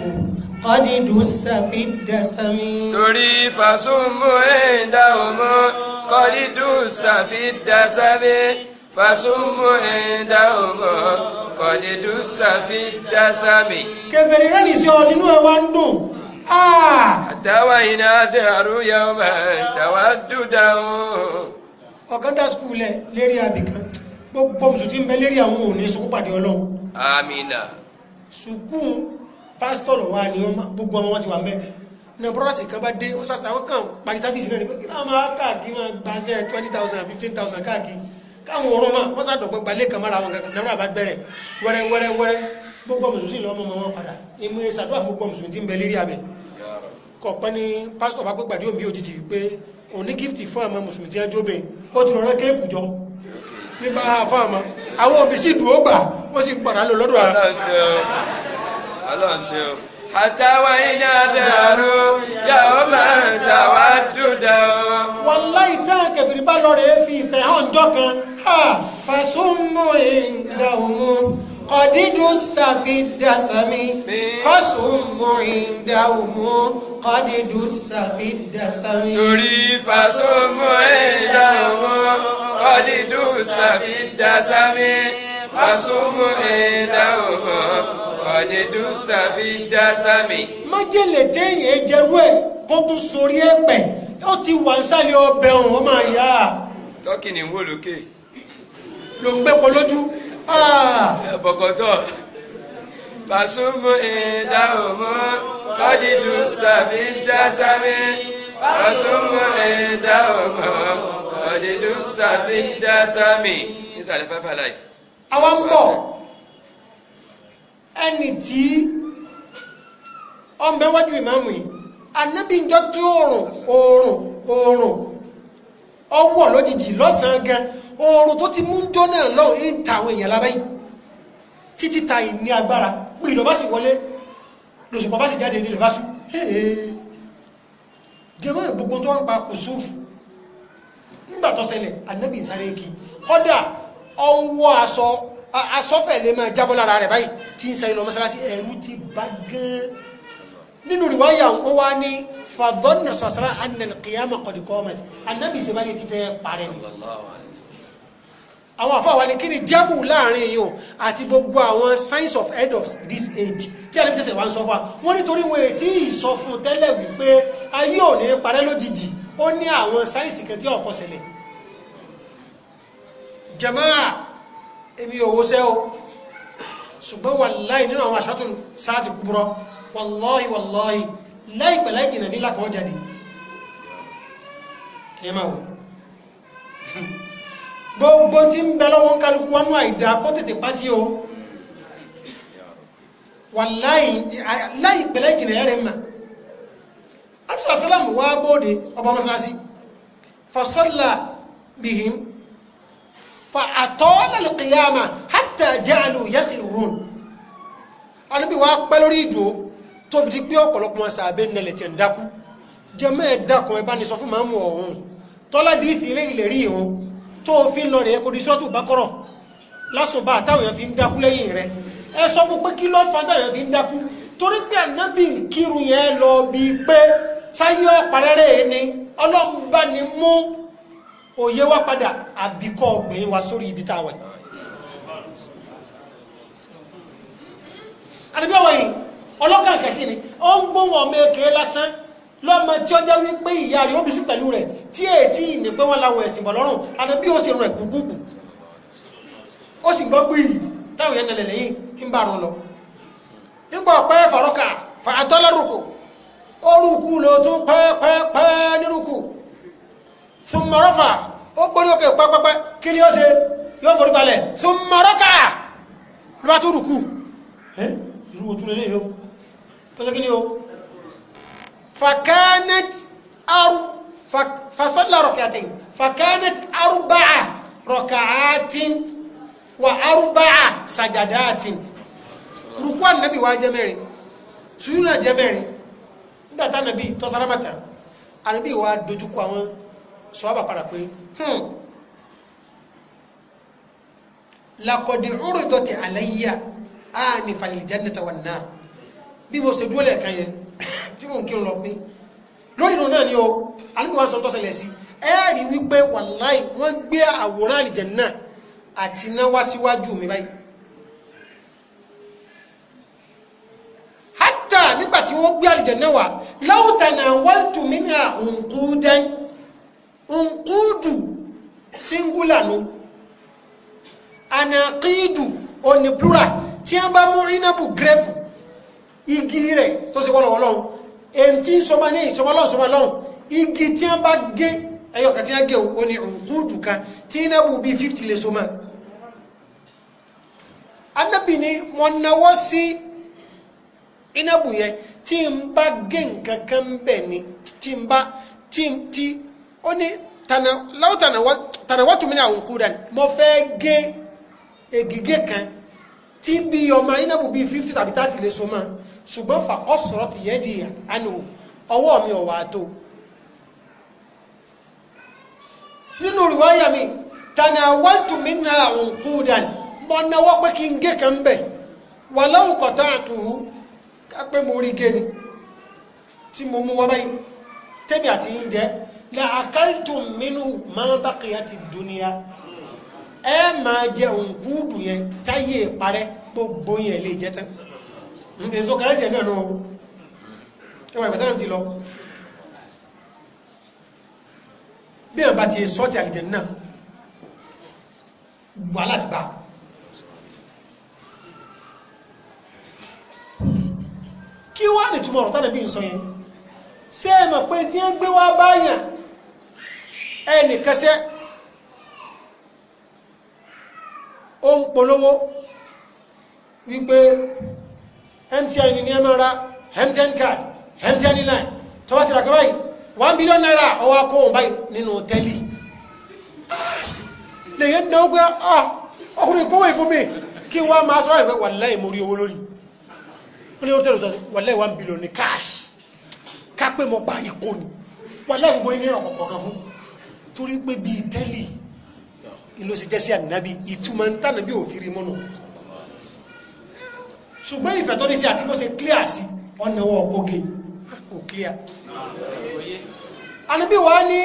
قد دس في الدسم تري فسم عندهم قد دس في الدسم فسم عندهم قد دس في الدسم kèfèrí rẹ̀ ní sí ọ nínú ẹ wá ń dùn. àtàwọn iná àti àrùn yẹn máa ń tàwọn dúdà ó ọ̀gándà skul lẹ̀ lérí abìkan gbogbo mùsùlùmí ń bẹ lérí àwọn òní sukú pàdé ọlọ́run. amina. sukú pásítọ̀ lọ́wọ́ ni wọ́n gbogbo wọn ti wà ń bẹ ní bọ́rọ̀sì kan bá dé wọ́n sàṣà wọ́n kàn parí sáfíìsì náà ni pé kí láwọn máa káàkiri máa gbàṣẹ twenty thousand fifteen thousand káàkiri káwọn ọ̀rọ̀ máa wọ́n sàdọ̀gbọ́n gbalẹ̀ kan mára wọn kankan náírà bá bẹ̀rẹ̀ wẹ́rẹ́ wẹ́rẹ́ wẹ́rẹ́ gbogbo mùsùlùmí lọ́mọ ọmọ wọn padà ìmú ìsàdúrà fún gbogbo mùsùlùmí tí ń bẹ lérí abẹ kọ̀ọ̀pẹ́ ni pásítọ̀ bá gbé gbàdúrà mi òjijì wípé òní gífìtì fún àmọ́ mùsùlùmí tí ẹjọ́ bẹ́ẹ̀ ó ti rọrẹ́ kéèpù jọ ní bá a fún àmọ́ àwọn òbí sì dùn ó gbà wọ́n sì padà lọ lọ́dọ̀ àwọn. àtàwọn iná dàrú yàwó máa ń dúdà o. wàláì tá a kẹfìrí bá lọ rèé fi ìfẹ́ hàn jọ kan fàṣùmù ìdáhùnmù kọ̀dídùsàfidàsàmì fàṣùmù ìdáhùnmù kọ́dídù sàfidàsámi. torí fasomo ìdáwó kọ́dídù sàfidàsámi fasomo ìdáwó kọ́dídù sàfidàsámi. májèlé téèyàn jẹrú ẹ kó tún sórí ẹ pẹ ó ti wà ń sálẹ ọbẹ̀ ọ̀hún ọmọ àyà. tọ́kì ni n wò lókè. ló ń gbẹ́pọ̀ lójú. Ah! bọ̀kọ̀tọ̀ basumu indahumu kọ́dídù sàmì dásàmì basumu indahumu kọ́dídù sàmì dásàmì nísàlẹ̀ fẹ́fẹ́ láì. àwọn ń bọ̀ ẹni tí ọmọ ẹwájú ìmáàmù yìí anábìjọ tí oòrùn oòrùn oòrùn ọwọ́ lójijì lọ́sàn-án gan oòrùn tó ti mú jóná lọ́hùn-ún ń ta àwọn èèyàn lábẹ́ yìí títí ta ìní agbára pé ìlọ́bá sì wọlé lòṣùpá bá sì jáde ní ìlọ́bá sùn jẹmọ́ gbogbo tó ń pa kùsùf nígbà tó ṣẹlẹ̀ ànábì ń sáré kí kọ́dà ọwọ́ aṣọ asọ́fẹ̀ lè máa jábọ́ lára rẹ̀ báyìí tí ń sáré lọ mọ́sálásí ẹ̀rú ti bá gán nínú ìwáyà ó wá ní fàdọ́nà sọ̀sára annal qiyama qad qamat ànábì ìṣẹ́báyé ti fẹ́ parẹ́ nìyí àwọn àfáwà ní kí ni jábù láàrin èèyàn àti gbogbo àwọn signs of head of this age tí a lè ṣẹ̀ṣẹ̀ wá ń sọ fún wa wọ́n nítorí wọn ètí ìsọfún tẹ́lẹ̀ wípé ayé ò ní parẹ́ lójijì ó ní àwọn sáyẹ́ǹsì kan tí ọ̀kọ́ ṣẹlẹ̀ jamaa èmi ò wọ́sẹ́ o ṣùgbọ́n wàláì nínú àwọn aṣọ́tò sáàtì kúburọ́ wàláì wàláì láìpẹ́ láì jìnà nílà kan jáde ẹ máa wò gbogbo tí ń bẹ lọ́wọ́ kálukú wọnú àìdá kó tètè pátí o wàláì láì pẹ̀lẹ́ ìjìnlẹ̀ rẹ̀ mà abdul salam wá bóde ọba mọ́sálásí fasọ́là bihim fa àtọ́lá lùkìyàmà hátà jáàlù yàkìrún alẹ́bí wa pẹ́ lórí ìdò tó fi di pé ọ̀pọ̀lọpọ̀ sàbẹ̀ nílẹ̀ tẹ̀ ń dákú jẹ́mọ́ ẹ̀ bá ní sọ fún màmú ọ̀hún tọ́lá dìífì ilé ìlérí ìhun tó fi lọ rẹ̀ kò di sọ́tù bákọ́rọ̀ lásùbà táwọn èèyàn fi ń dákú lẹ́yìn rẹ̀ ẹ sọ fún pé kí ló fà táwọn èèyàn fi ń dákú torí pé ànábì ń kírù yẹn lọ bí pé sáyé ọ̀parẹ́rẹ́ ni ọlọ́run bá ní mú òye wá padà àbíkọ́ ọgbìn wa sórí ibi tá a wà àti bí ọwọ́ yìí ọlọ́gàn kẹsì ni ó ń gbóhùn ọmọ èké lásán lọ́mọ tí ó jẹ́ wípé ìyá rẹ̀ ó bí sí pẹ̀lú rẹ̀ tí èyí tí ìní pé wọ́n lawọ ẹ̀sìn bọ̀ lọ́rùn àti bí ó sì rún ẹ̀kú gbùgbù ó sì gbọ́ gbì í táwọn yẹn nàlẹ̀ lẹ́yìn ń bá rún lọ. nígbà pẹ́ fàrọ́kà fàtọ́lẹ́rùkù ó rúkú ló tún pẹ́ẹ́pẹ́ẹ́pẹ́ nírúkù súnmọ́rọ́fà ó gbórí òkè pẹ́pẹ́pẹ́ kí ni ó ṣe yóò forí balẹ̀ súnmọ́rọ́kà ló bá tún rúkú ẹ́ ìrú فكانت أرب فصلى ركعتين فكانت أربع ركعات وأربع سجدات ركوع النبي واجمعين سيدنا جمعين nígbà tá nàbí tọ́sárámàtà ànábì wa dojúkọ àwọn sọ́ọ́bà padà pé lakọ̀dì ọ̀rọ̀ ìdọ̀tẹ̀ àlàyé à ní falil jannata wan nar bí mo ṣe dúró lẹ́ẹ̀kan yẹn tí mò ń kírun lọ fún lórí inú náà ni o alùpùpù wa sọ tó ṣẹlẹ̀ sí ẹ rí wípé wàláì wọ́n gbé àwòrán àlìjẹ̀nnà àti iná wá síwájú mi báyìí hátà nígbà tí wọ́n gbé àlìjẹ̀nnà wá láwùtà náà wọ́n tù mí ní àǹkúdán ǹkúdù síngúlà ànàkídù òní tí wọ́n bá mú inábù grẹ́pù igi rẹ̀ tó ṣe wọ́n lọ́wọ́ lọ́wọ́ èntí sọmọ ní ìsọmọlọ́n sọmọlọ́n igi tí wọ́n bá gé ẹyọkà tí wọ́n gé o ní ǹkúdù kan tí iná bù bí 50 lè sọmọ anábì ni mo náwó sí iná bù yẹn tí n bá gé nǹkan kan bẹ̀ ni tí n bá tí tí ó ní láwọn tànàwọ́tò mi ní àwọn ǹkúdà ni mo fẹ́ gé egige kan tí bí ọmọ iná bù bí 50 tàbí 30 lè sọmọ ṣùgbọ́n fàkọ́sọ̀rọ̀ ti yẹ́ di àánú ọwọ́ mi ọ̀wà tó nínú rìwáyà mi tani àwọ̀tù mi na àwọn kúdàn mọ́ náwó pé kí n gé kan bẹ̀ wà láwùkọ̀tà àtùhù kápẹ́ mo rí gé ni tí mo mú wá báyìí tẹ́mi àti yín jẹ́ la àkáltù mínú máa bá kìí àti dúníà ẹ máa jẹ òǹkúdù yẹn táyé parẹ́ gbogbo yẹn lè jẹ tán èso kẹrẹ́tì ẹ̀mẹ́ ọ̀nà ẹwà ìpẹ̀tẹ́rẹ̀ ti lọ bí ọ̀n bá ti sọ́ọ̀tì àlìjẹ̀ náà wà láti bá kí wá ní túnmọ̀ ọ̀rọ̀ tánàbí ìsọ yẹn ṣé ẹ mọ̀ pé tí ń gbé wá báyàn ẹnìkẹsẹ́ ó ń polówó wípé MTN ní ẹ máa ra MTN card MTN line tó bá ti rà kọ́ báyìí one billion naira ọwọ́ akó òun báyìí nínú tẹ́lì lèyẹ náà gbé ah, ọkùnrin kọ́wọ́ ìfún mi kí wọ́n máa sọ àìfẹ́ wallahi mo rí owó lórí wọ́n ní orítẹ́lù sọ wallahi one billion ní cash kápẹ́ mọ́ parí kò ní wallahi gbogbo ní ọ̀pọ̀ kan fún torí pé bíi tẹ́lì ìlọsí jẹ́ sí ànábì ìtumọ̀ ń tànàbí òfin rí mọ́nà ṣùgbọ́n ìfẹ́ tó ní sí àti bó ṣe clear sí wọ́n náwó ọgógé kò clear àníbí wá ní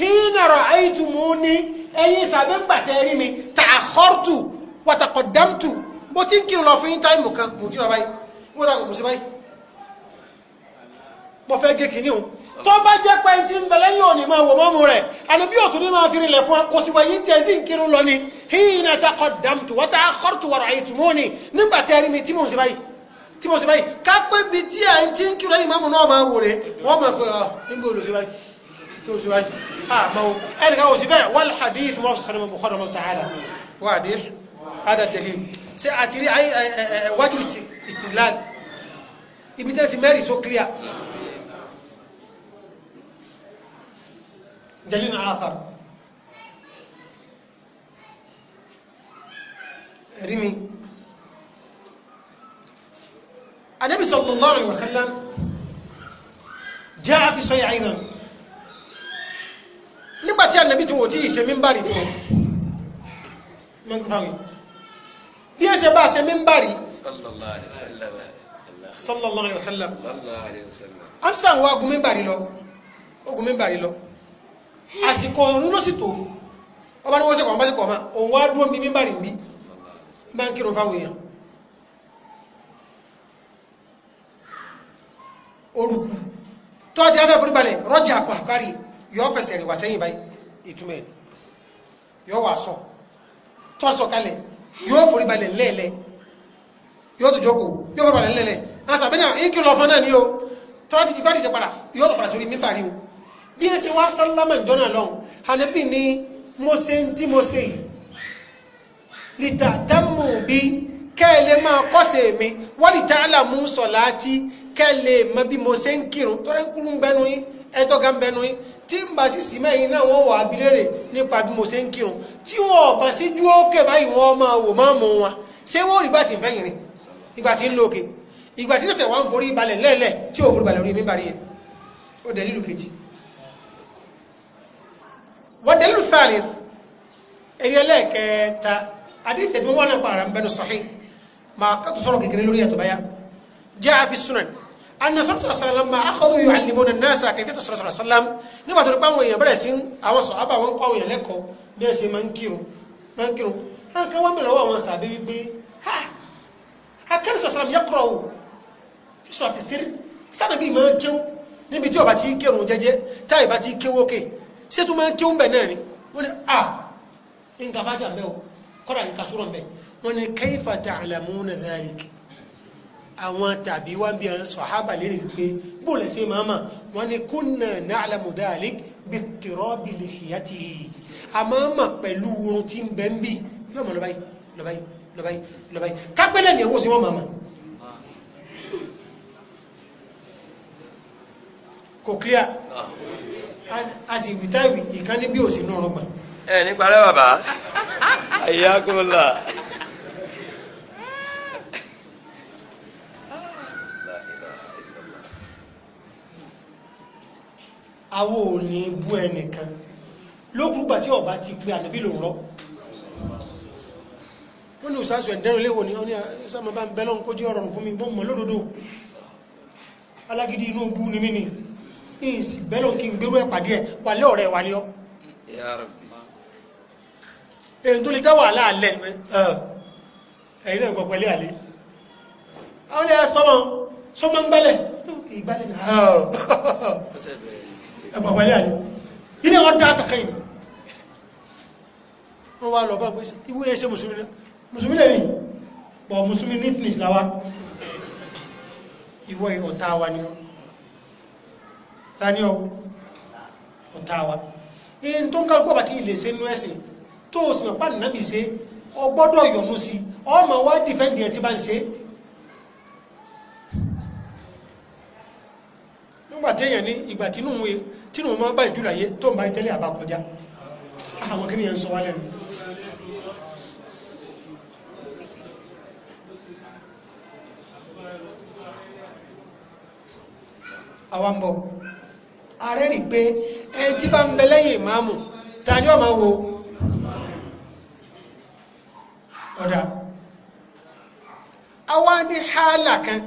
hínàrọ̀ àìtùmú ní ẹ̀yìn sàbẹ́gbàtẹ́ rí mi tààkọ́rtù wàtàkọ̀dámtù bó ti ń kírun lọ fún yín táìmù kan mò kírun báyìí wọ́n tàkọ̀ mò sí báyìí mo fẹ́ gé kìíní òun tó bá jẹ́ pé ẹni tí ń bẹ lẹ́yìn òní máa wò mọ́mú rẹ̀ ànábì òtún ní máa firi lẹ̀ fún wa kò sì wá yín tiẹ̀ sí nkírun lọ ni hina taqaddamtu wa ta'akhkhartu wa ra'aytumuni nígbà tẹ́ rí mi tí mò ń ṣe báyìí tí mò ń ṣe báyìí ká pé bi tí à ń ti ń kírun ẹ̀yìn mọ́mú náà máa wò rẹ̀ wọ́n máa pè ọ́ ah, nígbà olùsí báyìí olùsí báyìí ah, àmọ́ ẹnì kan ò sí bẹ́ẹ̀ wal hadith mọ́ sọ́nà Bukhari ta'ala wà á dé hada dalil ṣe àtìrí wájú istidlal ibi tẹ́ ti mẹ́rin so clear. دليل آخر رمي النبي صلى الله عليه وسلم جاء في شيء أيضا nígbàtí ànàbí tí wò tí ìṣe mímbàrí fún mẹ́gbẹ̀fàmì bí ẹ ṣe bá ṣe mímbàrí sallallahu alaihi wasallam amsa wa ogun mímbàrí lọ ogun mímbàrí lọ àsìkò ọ̀run ló sì tó ọba ní wọ́n sẹ́kọ̀ọ́ bá sì kọ̀ọ̀má òun wá dúró bí mímbàrí bí bá ń kírun fáwọn èèyàn orúkú tó ti afẹ́ forí balẹ̀ rọ́jì àkọ́ àkárí yóò fẹsẹ̀ rìn wá sẹ́yìn báyìí ìtumẹ̀ yóò wà sọ tó sọ kalẹ̀ yóò forí balẹ̀ lẹ́ẹ̀lẹ́ yóò tó jókòó yóò forí balẹ̀ lẹ́ẹ̀lẹ́ àṣàbẹ́nà ìkìlọ̀ fún náà ni o tó ti ti fẹ́ dìde padà yóò lọ padà sórí mímbàrí o bí ẹ ṣe wá sálámà ìjọ́nà lọ́hùn ànábì ni mo ṣe ń tí mo ṣe yìí lìtà támù bí kẹ́ẹ̀lẹ́ máa kọ́sẹ̀ mi wọ́n lìtà àlàmú sọ̀lá tí kẹ́ẹ̀lẹ́ mọ bí mo ṣe ń kírun tọ́rẹ́ ń kúrú ń bẹnu yín ẹ̀tọ́ ga ń bẹnu yín tí ń bá sì sì mẹ́yìn náà wọ́n wà abilérè nípa bí mo ṣe ń kírun tí wọn ò bá síjú òkè báyìí wọn máa wò máa mú wọn ṣé wọn rí bá ti ń ìgbà tí ń lo òkè ìgbà tí sẹ̀sẹ̀ wà ń forí balẹ̀ lẹ́lẹ̀ tí ò forí balẹ̀ orí mi bàrí yẹn ó dẹ̀ lílu kejì thalith eré ẹlẹ́ẹ̀kẹta àdéhìtẹ̀ tí wọ́n náà pààrà ń bẹnu sahih ma kàtó sọ̀rọ̀ kékeré lórí ẹ̀tọ́ báyà jaa fi sunan anna sallallahu alaihi wasallam ma akhadhu yu'allimuna an-nasa kayfiyata sallallahu alaihi wasallam nígbà tó pa àwọn èèyàn bẹ̀rẹ̀ sí àwọn sàhábà wọn kọ́ àwọn èèyàn lẹ́kọ̀ọ́ bí ẹ ṣe máa ń kírun máa ń kírun hàn kan wọ́n bẹ̀rẹ̀ wọ́n àwọn sàbẹ̀ wípé ha akẹ́rù sallallahu alaihi wasallam yaqra'u fi surati sir sábà bíi máa kéwú níbi tí ọba ti kéwù jẹ́jẹ́ táyì bá ti kéwú òkè ṣé tó máa kéwú bẹ̀ náà ni wọ́n ní ah, a nǹkan fàájà mbẹ́ o kọ́ra nǹkan sọ̀rọ̀ mbẹ́ wọ́n ní kayfa ta'lamuna dhalik àwọn tàbí wá bí àwọn sọ̀hábà lérè wípé bóòlẹ̀ sí màmá wọ́n ní kunna na'lamu dhalik bi ittirabi lihiyatihi àmọ́ mà pẹ̀lú oorun tí ń bẹ́ ń bì yóò mọ̀ lọ́bàá yìí lọ́bàá yìí lọ́bàá yìí lọ́bàá yìí kápẹ́lẹ̀ ni ẹ̀wọ́ sí wọ́n kò clear a sì wí táwì ìkan níbí ò sí inú ọrùn gbà. ẹ nípa rẹ bàbá àyà kò là. awo ò ní bú ẹnìkan lókùrúgbà tí ọba ti pe ànábì ló ń rọ wọ́n ní òṣàṣù ẹ̀ndẹ́rùn léwò ní ọ́nà bá ń bẹ́lọ́n kó ọ̀rọ̀ fún mi bọ́ lódodo alágídí inú bú ni mí ni èyí sì bẹ́lọ̀ kí n gbérú ẹ̀ pàdé ẹ̀ wàlẹ́ ọ̀rẹ́ wàlẹ́ ọ́ èyí tó lè dá wàhálà alẹ́ ẹ̀ ẹ̀yìn náà gbọ̀gbọ̀ ilé àlẹ́ àwọn ilé ẹ̀ sọ́mọ sọ́mọ ń gbálẹ̀ ìgbálẹ̀ náà ẹ̀ gbọ̀gbọ̀ ilé àlẹ́ ilé wọn dá àtàkà yìí wọn wá lọ bá pé ìwé ẹsẹ mùsùlùmí mùsùlùmí lẹ́yìn pọ̀ mùsùlùmí ní tìǹsì làwà ìwọ ọ̀tá wa ni wọn tani ọ ọ̀tá wa in tó ń kálukú ọ̀bà tí ilẹ̀ ṣe nú ẹ̀sìn tó o sì mọ̀ pàdé náà bì ṣe ọ gbọ́dọ̀ yọ̀nú sí ọmọ wa dìfẹ́ǹdì ẹ̀ tí bá ń ṣe nígbà téèyàn ní ìgbà tínú mu tínú mu bá ìjú láyé tó ń bá tẹ́lẹ̀ àbá kọjá àwọn kìnìyàn ń sọ wá lẹ́nu. àwọn bọ̀ ààrẹ rí i pé ẹ tí bá ń bẹ lẹ́yìn ìmáàmù ta ni ó máa wo ọ̀dà àwa ní hálà kan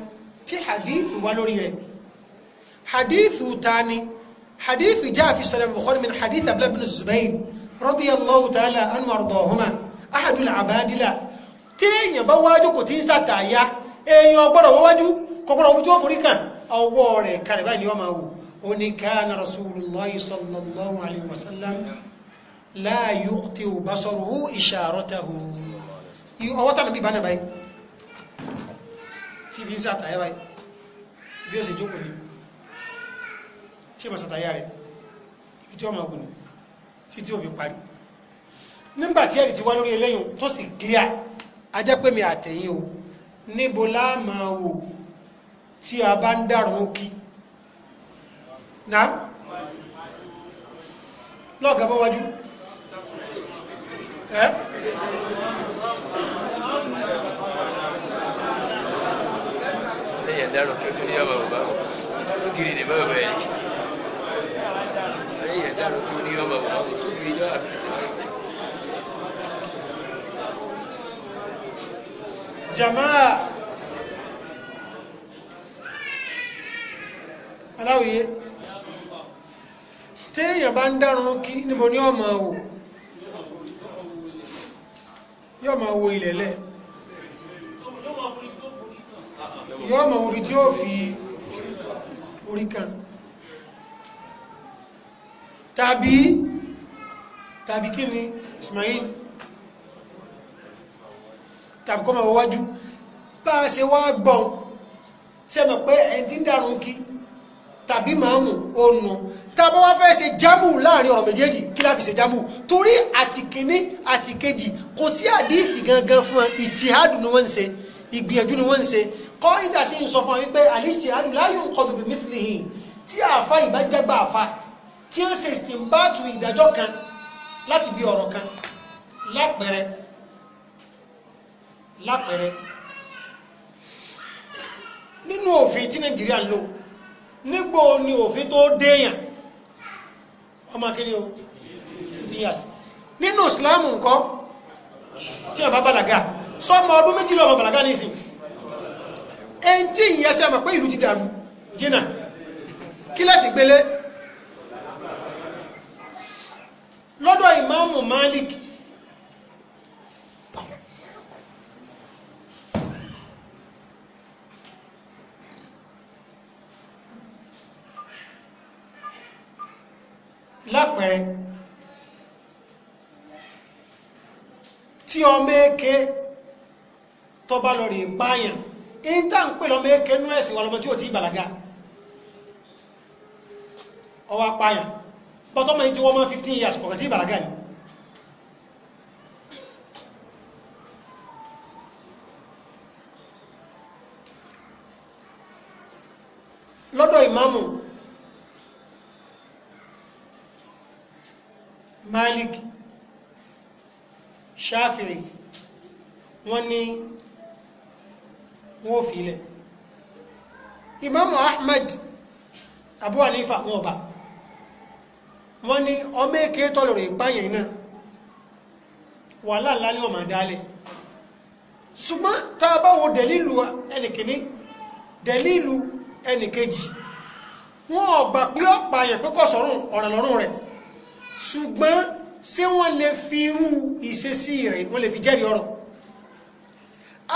tí hadith wà lórí rẹ̀ hadith ta ni hadith jaa fi sahih bukhari min hadith abdullahi bin zubair radiyallahu ta'ala anhu ardahuma ahadul abadila téèyàn bá wájú kò tí ń sàtàyà èèyàn gbọ́dọ̀ wọ́wájú kọ́gbọ́dọ̀ ojú tó forí kàn ọwọ́ rẹ̀ kàrẹ̀ báyìí ni wọ́n máa wò ó ní káàna rasulullahi sallallahu alaihi wasallam la yuqtiu basaruhu isharatahu ọwọ́ tánà bí bánà báyìí tí fi ń báyìí bí ó sì jókòó ní tí ó bá sàtàyà rẹ̀ ibi tí ó máa gùn sí tí ó fi parí nígbà tí ẹ̀rì ti wá lórí eléyìn tó sì clear ajẹ́ àtẹ̀yìn o níbo láà wò tí a bá ń dàrún ó kí náà lọ́ọ̀gá bọ́ wájú ẹ́ ẹ̀yẹ̀ dárò kí o tó ní ọmọ bàbá wọn lókìrì ní bàbá ẹ̀ ẹ̀yẹ̀ dárò kí o ní ọmọ bàbá wọn sókìrì náà jamaa aláwòye téèyàn bá ń dárun kí níbo ni ọmọ wò yóò máa wo ilẹ̀lẹ̀ yóò máa wo ibi tí ó fi orí kan tàbí tàbí kí ni Ismail tàbí kọ́ máa wájú bá a ṣe wá gbọ́n ṣe mọ̀ pé ẹni tí ń dárun kí tàbí màámù ó nù tàbá wá fẹ́ ṣe jámù láàrin ọ̀rọ̀ méjèèjì kí láfi ṣe jámù torí àti kìíní àti kejì kò sí àdífì gangan fún ìtìhádù ni wọ́n ń ṣe ìgbìyànjú ni wọ́n ń ṣe kọ́ ìdá sí sọ fún wa wípé àlìṣìhádù la yunqadu bi mithlihi tí àfa ìbájágbá àfa tí ó ṣe ìsìnbáàtù ìdájọ́ kan láti bí ọ̀rọ̀ kan lápẹ̀rẹ̀ lápẹ̀rẹ̀ nínú òfin tí Nàìjíríà ń lò nígbò ni òfin tó déèyàn ọmọ kiri o years nínú islamu nǹkan tí wọn bá balaga sọmọ ọdún méjìlá ọmọ balaga ní ìsìn ẹn tí ìyẹn sẹ mọ pé ìlú ti dàrú jìnnà kílẹ̀sì gbélé lọ́dọ̀ ìmáàmù Malik tí ọmọ èké tó bá lọ rí páyàn ń tà ń pè lọ́mọ èké nú ẹ̀sìn wà lọ́mọ tí ò tí ìgbàlaga ọwọ́ apáyàn bọ́tọ́ mọ̀ ní tí wọ́n mọ́ 15 years kọ̀kan tí ìgbàlaga ni lọ́dọ̀ ìmáàmù Malik ṣáfìrì wọ́n ní wọ́n ò fi ilẹ̀ imam ahmed abu hanifa wọn ọba wọ́n ní ọmọ èké tọ́lọ̀rọ̀ ìpáyẹ̀ náà wàhálà ńlá ní ọmọ dálẹ̀ ṣùgbọ́n tá a bá wo dẹ̀lílù ẹnìkíní dẹ̀lílù ẹnìkejì wọn ọgbà pé ọ̀pá pé kọ̀ sọ́rùn ọ̀ràn rẹ̀ ṣùgbọ́n ṣé wọ́n lè fi irú ìṣesí rẹ̀ wọ́n lè fi jẹ́rìí ọ̀rọ̀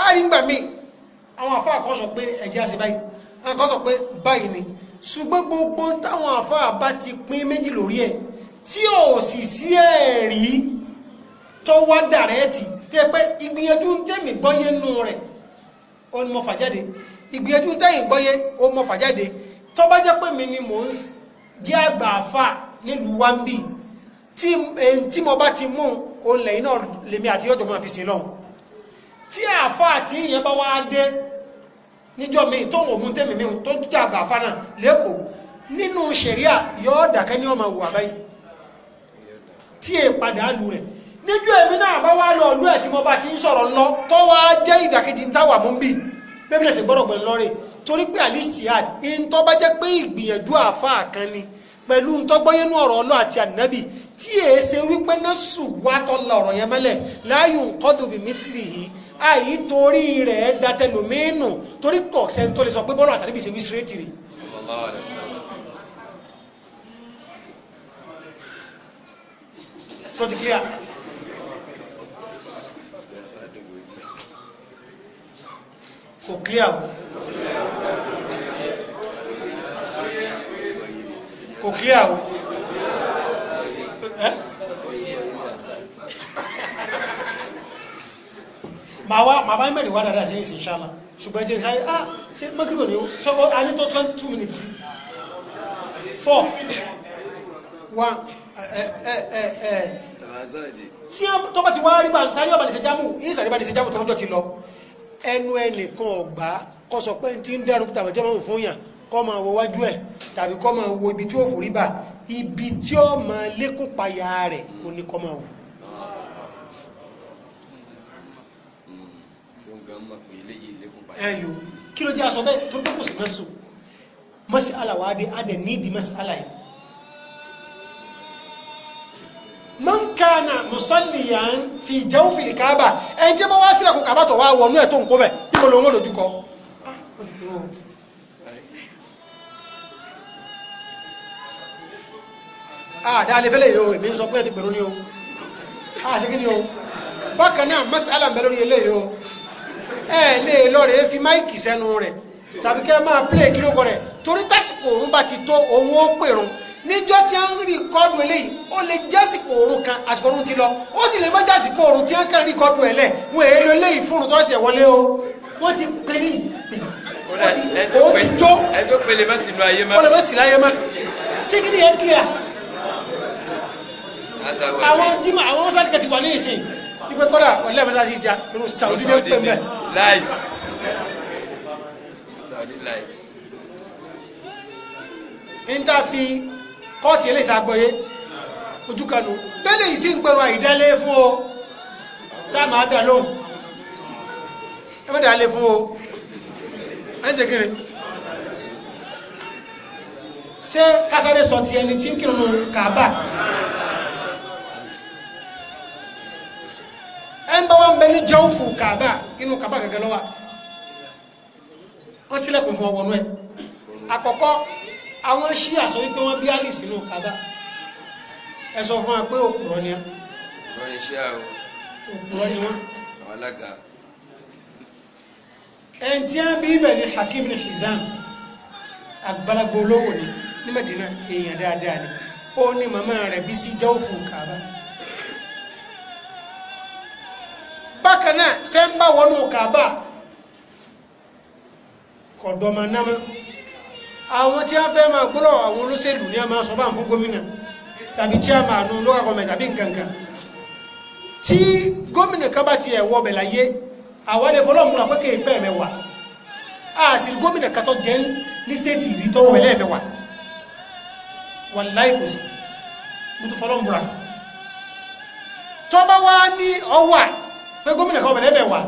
àrígbà míì àwọn àfáà kan sọ pé ẹ̀jẹ̀ àṣẹ báyìí àwọn kan sọ pé báyìí ni ṣùgbọ́n gbogbo táwọn àfáà bá ti pín méjì lórí ẹ̀ tí ò sì sí ẹ̀rí tó wá dàrẹ́ẹ̀tì tẹ́ pé ìgbìyànjú ń tẹ̀mí gbọ́yé nù rẹ̀ ó ní mo fà jáde ìgbìyànjú ń tẹ̀yìn gbọ́yé ó mo fà jáde tó bá jẹ́ pé mi ni mò ń jẹ́ àgbà àfáà nílùú wambi tí eh, tí mo bá ti mú òun lẹ́yìn náà lèmi àti ọjọ́ máa fi sin lọ́hùn tí àfa àti ìyẹn bá wá dé níjọ́ mi tó ń òmú tẹ́mi mi tó jẹ́ àgbà àfa náà lẹ́kọ̀ọ́ nínú ṣẹ̀ríà yọ̀ọ́ dàkẹ́ ní ọmọ ìwà báyìí tí è padà lù rẹ̀ níjú èmi náà bá wá lọ ọlú ẹ̀ tí mo bá ti ń sọ̀rọ̀ lọ tó wá jẹ́ ìdàkejì ń táwà mú bì bẹ́ẹ̀ sì gbọ́dọ̀ pẹ̀lú lọ́rẹ̀ torí pé alistihad ń bá jẹ́ pé ìgbìyànjú àáfàá kan pẹ̀lú ń ọ̀rọ̀ ọlọ́ àti ànábì tí èé ṣe wípé náà sùn wá ọ̀rọ̀ yẹn mẹ́lẹ̀ láàyò nǹkan dòbí mífìlì yìí àyí torí rẹ̀ datẹlòmínú torí kọ̀ sẹ́ni tó lè sọ pé bọ́lá àtàrí bìí ṣe wí sírẹ́tì rí. sọ ti clear. kò clear o. kò clear o. màá wá bá mẹ́rin wá dáadáa sí ìsìn ṣáàlà ṣùgbọ́n jẹ́ ìṣáyé ah ṣe mọ́kìlò ni ó ṣe ó a ní tó twenty two minutes four one ẹ ẹ ẹ ẹ tó bá ti wá rí bàǹtá ní ọ̀bàlẹ̀ ìṣẹ́jámù ìṣàrí bàǹtẹ̀ ìṣẹ́jámù tó lọ́jọ́ ti lọ ẹnu ẹnìkan ọ̀gbá kọ́ sọ pé ti ń dárúkú tàbí jẹ́ mọ́ fún yàn kọ́ máa wo wájú ẹ̀ tàbí kọ́ máa wo ibi tí ó forí bà ibi tí ó mọ lékún payà rẹ̀ oníkọ́mọ wò. ẹyọ kí ló jẹ́ aṣọ bẹ́ẹ̀ tó dúró sí mẹ́sù mọ́sí aláwádé adẹ̀ nídìí mọ́sí aláyé. man kana musalliyan fi jawfil kaaba ẹ jẹ́ bá wá sílẹ̀kùn kaaba tó wá wọnú ẹ̀ tó ń kó bẹ̀ níbo ló ń ah, wọ́n lójú kọ́. àdá ah, alẹ́fẹ́lẹ́ yìí o èmi ń sọ pé ẹ ti gbèrú ni o àṣekí ah, ni o bákan náà masala ń bẹ lórí eléyìí o ẹ lè lọ́ọ̀rẹ́ fi máìkì sẹ́nu rẹ̀ tàbí kẹ́ máa pílẹ̀ kí ló kọ rẹ̀ torí tásìkò òun bá ti tó òun ó pèrún níjọ́ tí a ń rí kọ́ọ̀dù eléyìí ó lè jásìkò òun kan àsìkò òun ti lọ ó sì lè má jásìkò òun tí a ń kàn rí kọ́ọ̀dù ẹ̀ lẹ̀ wọn èèlò eléyìí fóònù tó ṣẹ̀ wọlé o wọ́n ti pè ní ìpè ó ti jó ó lè má sí láyé má sí kí ni ẹ kílíà àwọn jimá àwọn mọ́sálásí kan ti wà ní ìsìn ipe kọ́dà ọ̀lẹ́ mọ́sálásí ìjà irun Saudi ní pẹ́ mẹ́. n ta fi kọ́ọ̀tì eléyìí sàgbọ́yé ojú kanu bẹ́ẹ̀ yìí sì ń pẹ̀rọ àìdálé fún o tá a máa dà lóhùn ẹ má dàálé fún o ẹ ń ṣèkiri ṣé kásáré sọ ti ẹni tí ń kàbà. ẹ ń bá wọn bẹ ní jọ́ọ̀fù kàbá inú kàbá gẹ́gẹ́ lọ́wọ́ wọ́n sílẹ̀kùn fún ọwọ́nú ẹ̀ àkọ́kọ́ àwọn ṣí àsọ wípé wọ́n bí alice inú kàbá ẹ sọ fún wa pé òpùrọ̀ ni wọ́n yẹ ṣé àwọn òpùrọ̀ ni wọ́n àwọn alága ẹn bí ibẹ̀ ni Hakim ni Hizam àgbàlagbà olówó ni ní Madina èèyàn dáadáa ni ó ní màmá rẹ̀ bí sí jọ́ọ̀fù kàbá. bákan náà ṣe ń bá wọnú kàbà kọ̀dọ̀mọ̀ náà àwọn tí wọ́n fẹ́ máa gbọ́rọ̀ àwọn olóṣèlú ní a máa sọ bá ń fún gómìnà tàbí chairman àánú lọ́kà gọ́ọ̀mẹ̀ tàbí nkankan tí gómìnà kan bá ti ẹ̀wọ́ ọbẹ̀ láyé àwọn ilé fọlọ́mùnà pé kéèpé ẹ̀mẹ́wàá a sì rí gómìnà kan tó jẹ́ ní stéètì ìrí tọ́wọ́ ọbẹ̀ lẹ́ẹ̀mẹ́wàá wàláì kò sí mo tún fọlọ́mùnà tọ́ba wa ní ọwọ́ à pé gómìnà kan ọ̀bẹ̀lẹ́ mẹ́wàá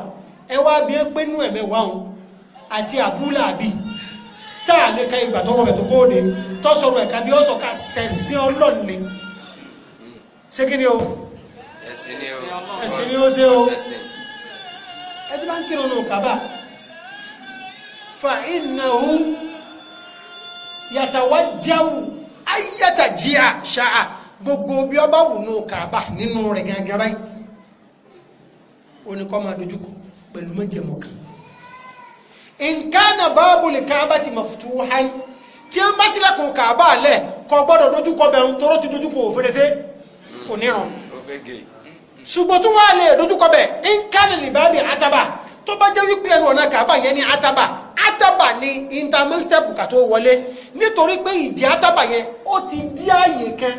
ẹ wá bí pé nú ẹ̀ mẹ́wàá àti àbúlà àbí tá a lè ka ìgbà tọwọ́ bẹ̀ tó kóde tọ́sọ̀rọ̀ ẹ̀ka bí ọ̀sọ̀ ká sẹ̀sìn ọlọ́ọ̀ni ṣé kí ni o ẹ̀sìn ni ó ṣe o ẹ ti ń kírun nù kábà fa ìnáwó yàtàwájáwò ayàtàjíà ṣáà gbogbo bí ọba wù nù kábà nínú rẹ̀ gángan báyìí oníkọ́ máa dojúkọ pẹ̀lú mẹ́jẹ̀mú kan nǹkan báàbù lè káàbà ti maftuhan tí ó ń bá sílẹ̀kùn kàbá alẹ́ kò gbọ́dọ̀ dojúkọ bẹ̀rún tóró ti dojúkọ òfèrèfé kò níran ṣùgbọ́n tó wà lè dojúkọ bẹ̀ nǹkan lè ataba tó bá jẹ́ wípé ẹnu ọ̀nà ni ataba ataba ni intermittent step kà tó wọlé nítorí pé ìdí ataba yẹn ó ti dí ààyè kan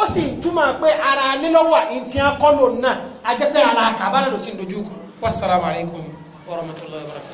ó sì túmọ̀ pé ara nílọ́wà ìtì akọ́lò náà a ara kàbálẹ̀ ló ti ń dojú kọ wassalamu alaikum warahmatullahi wabarakatuh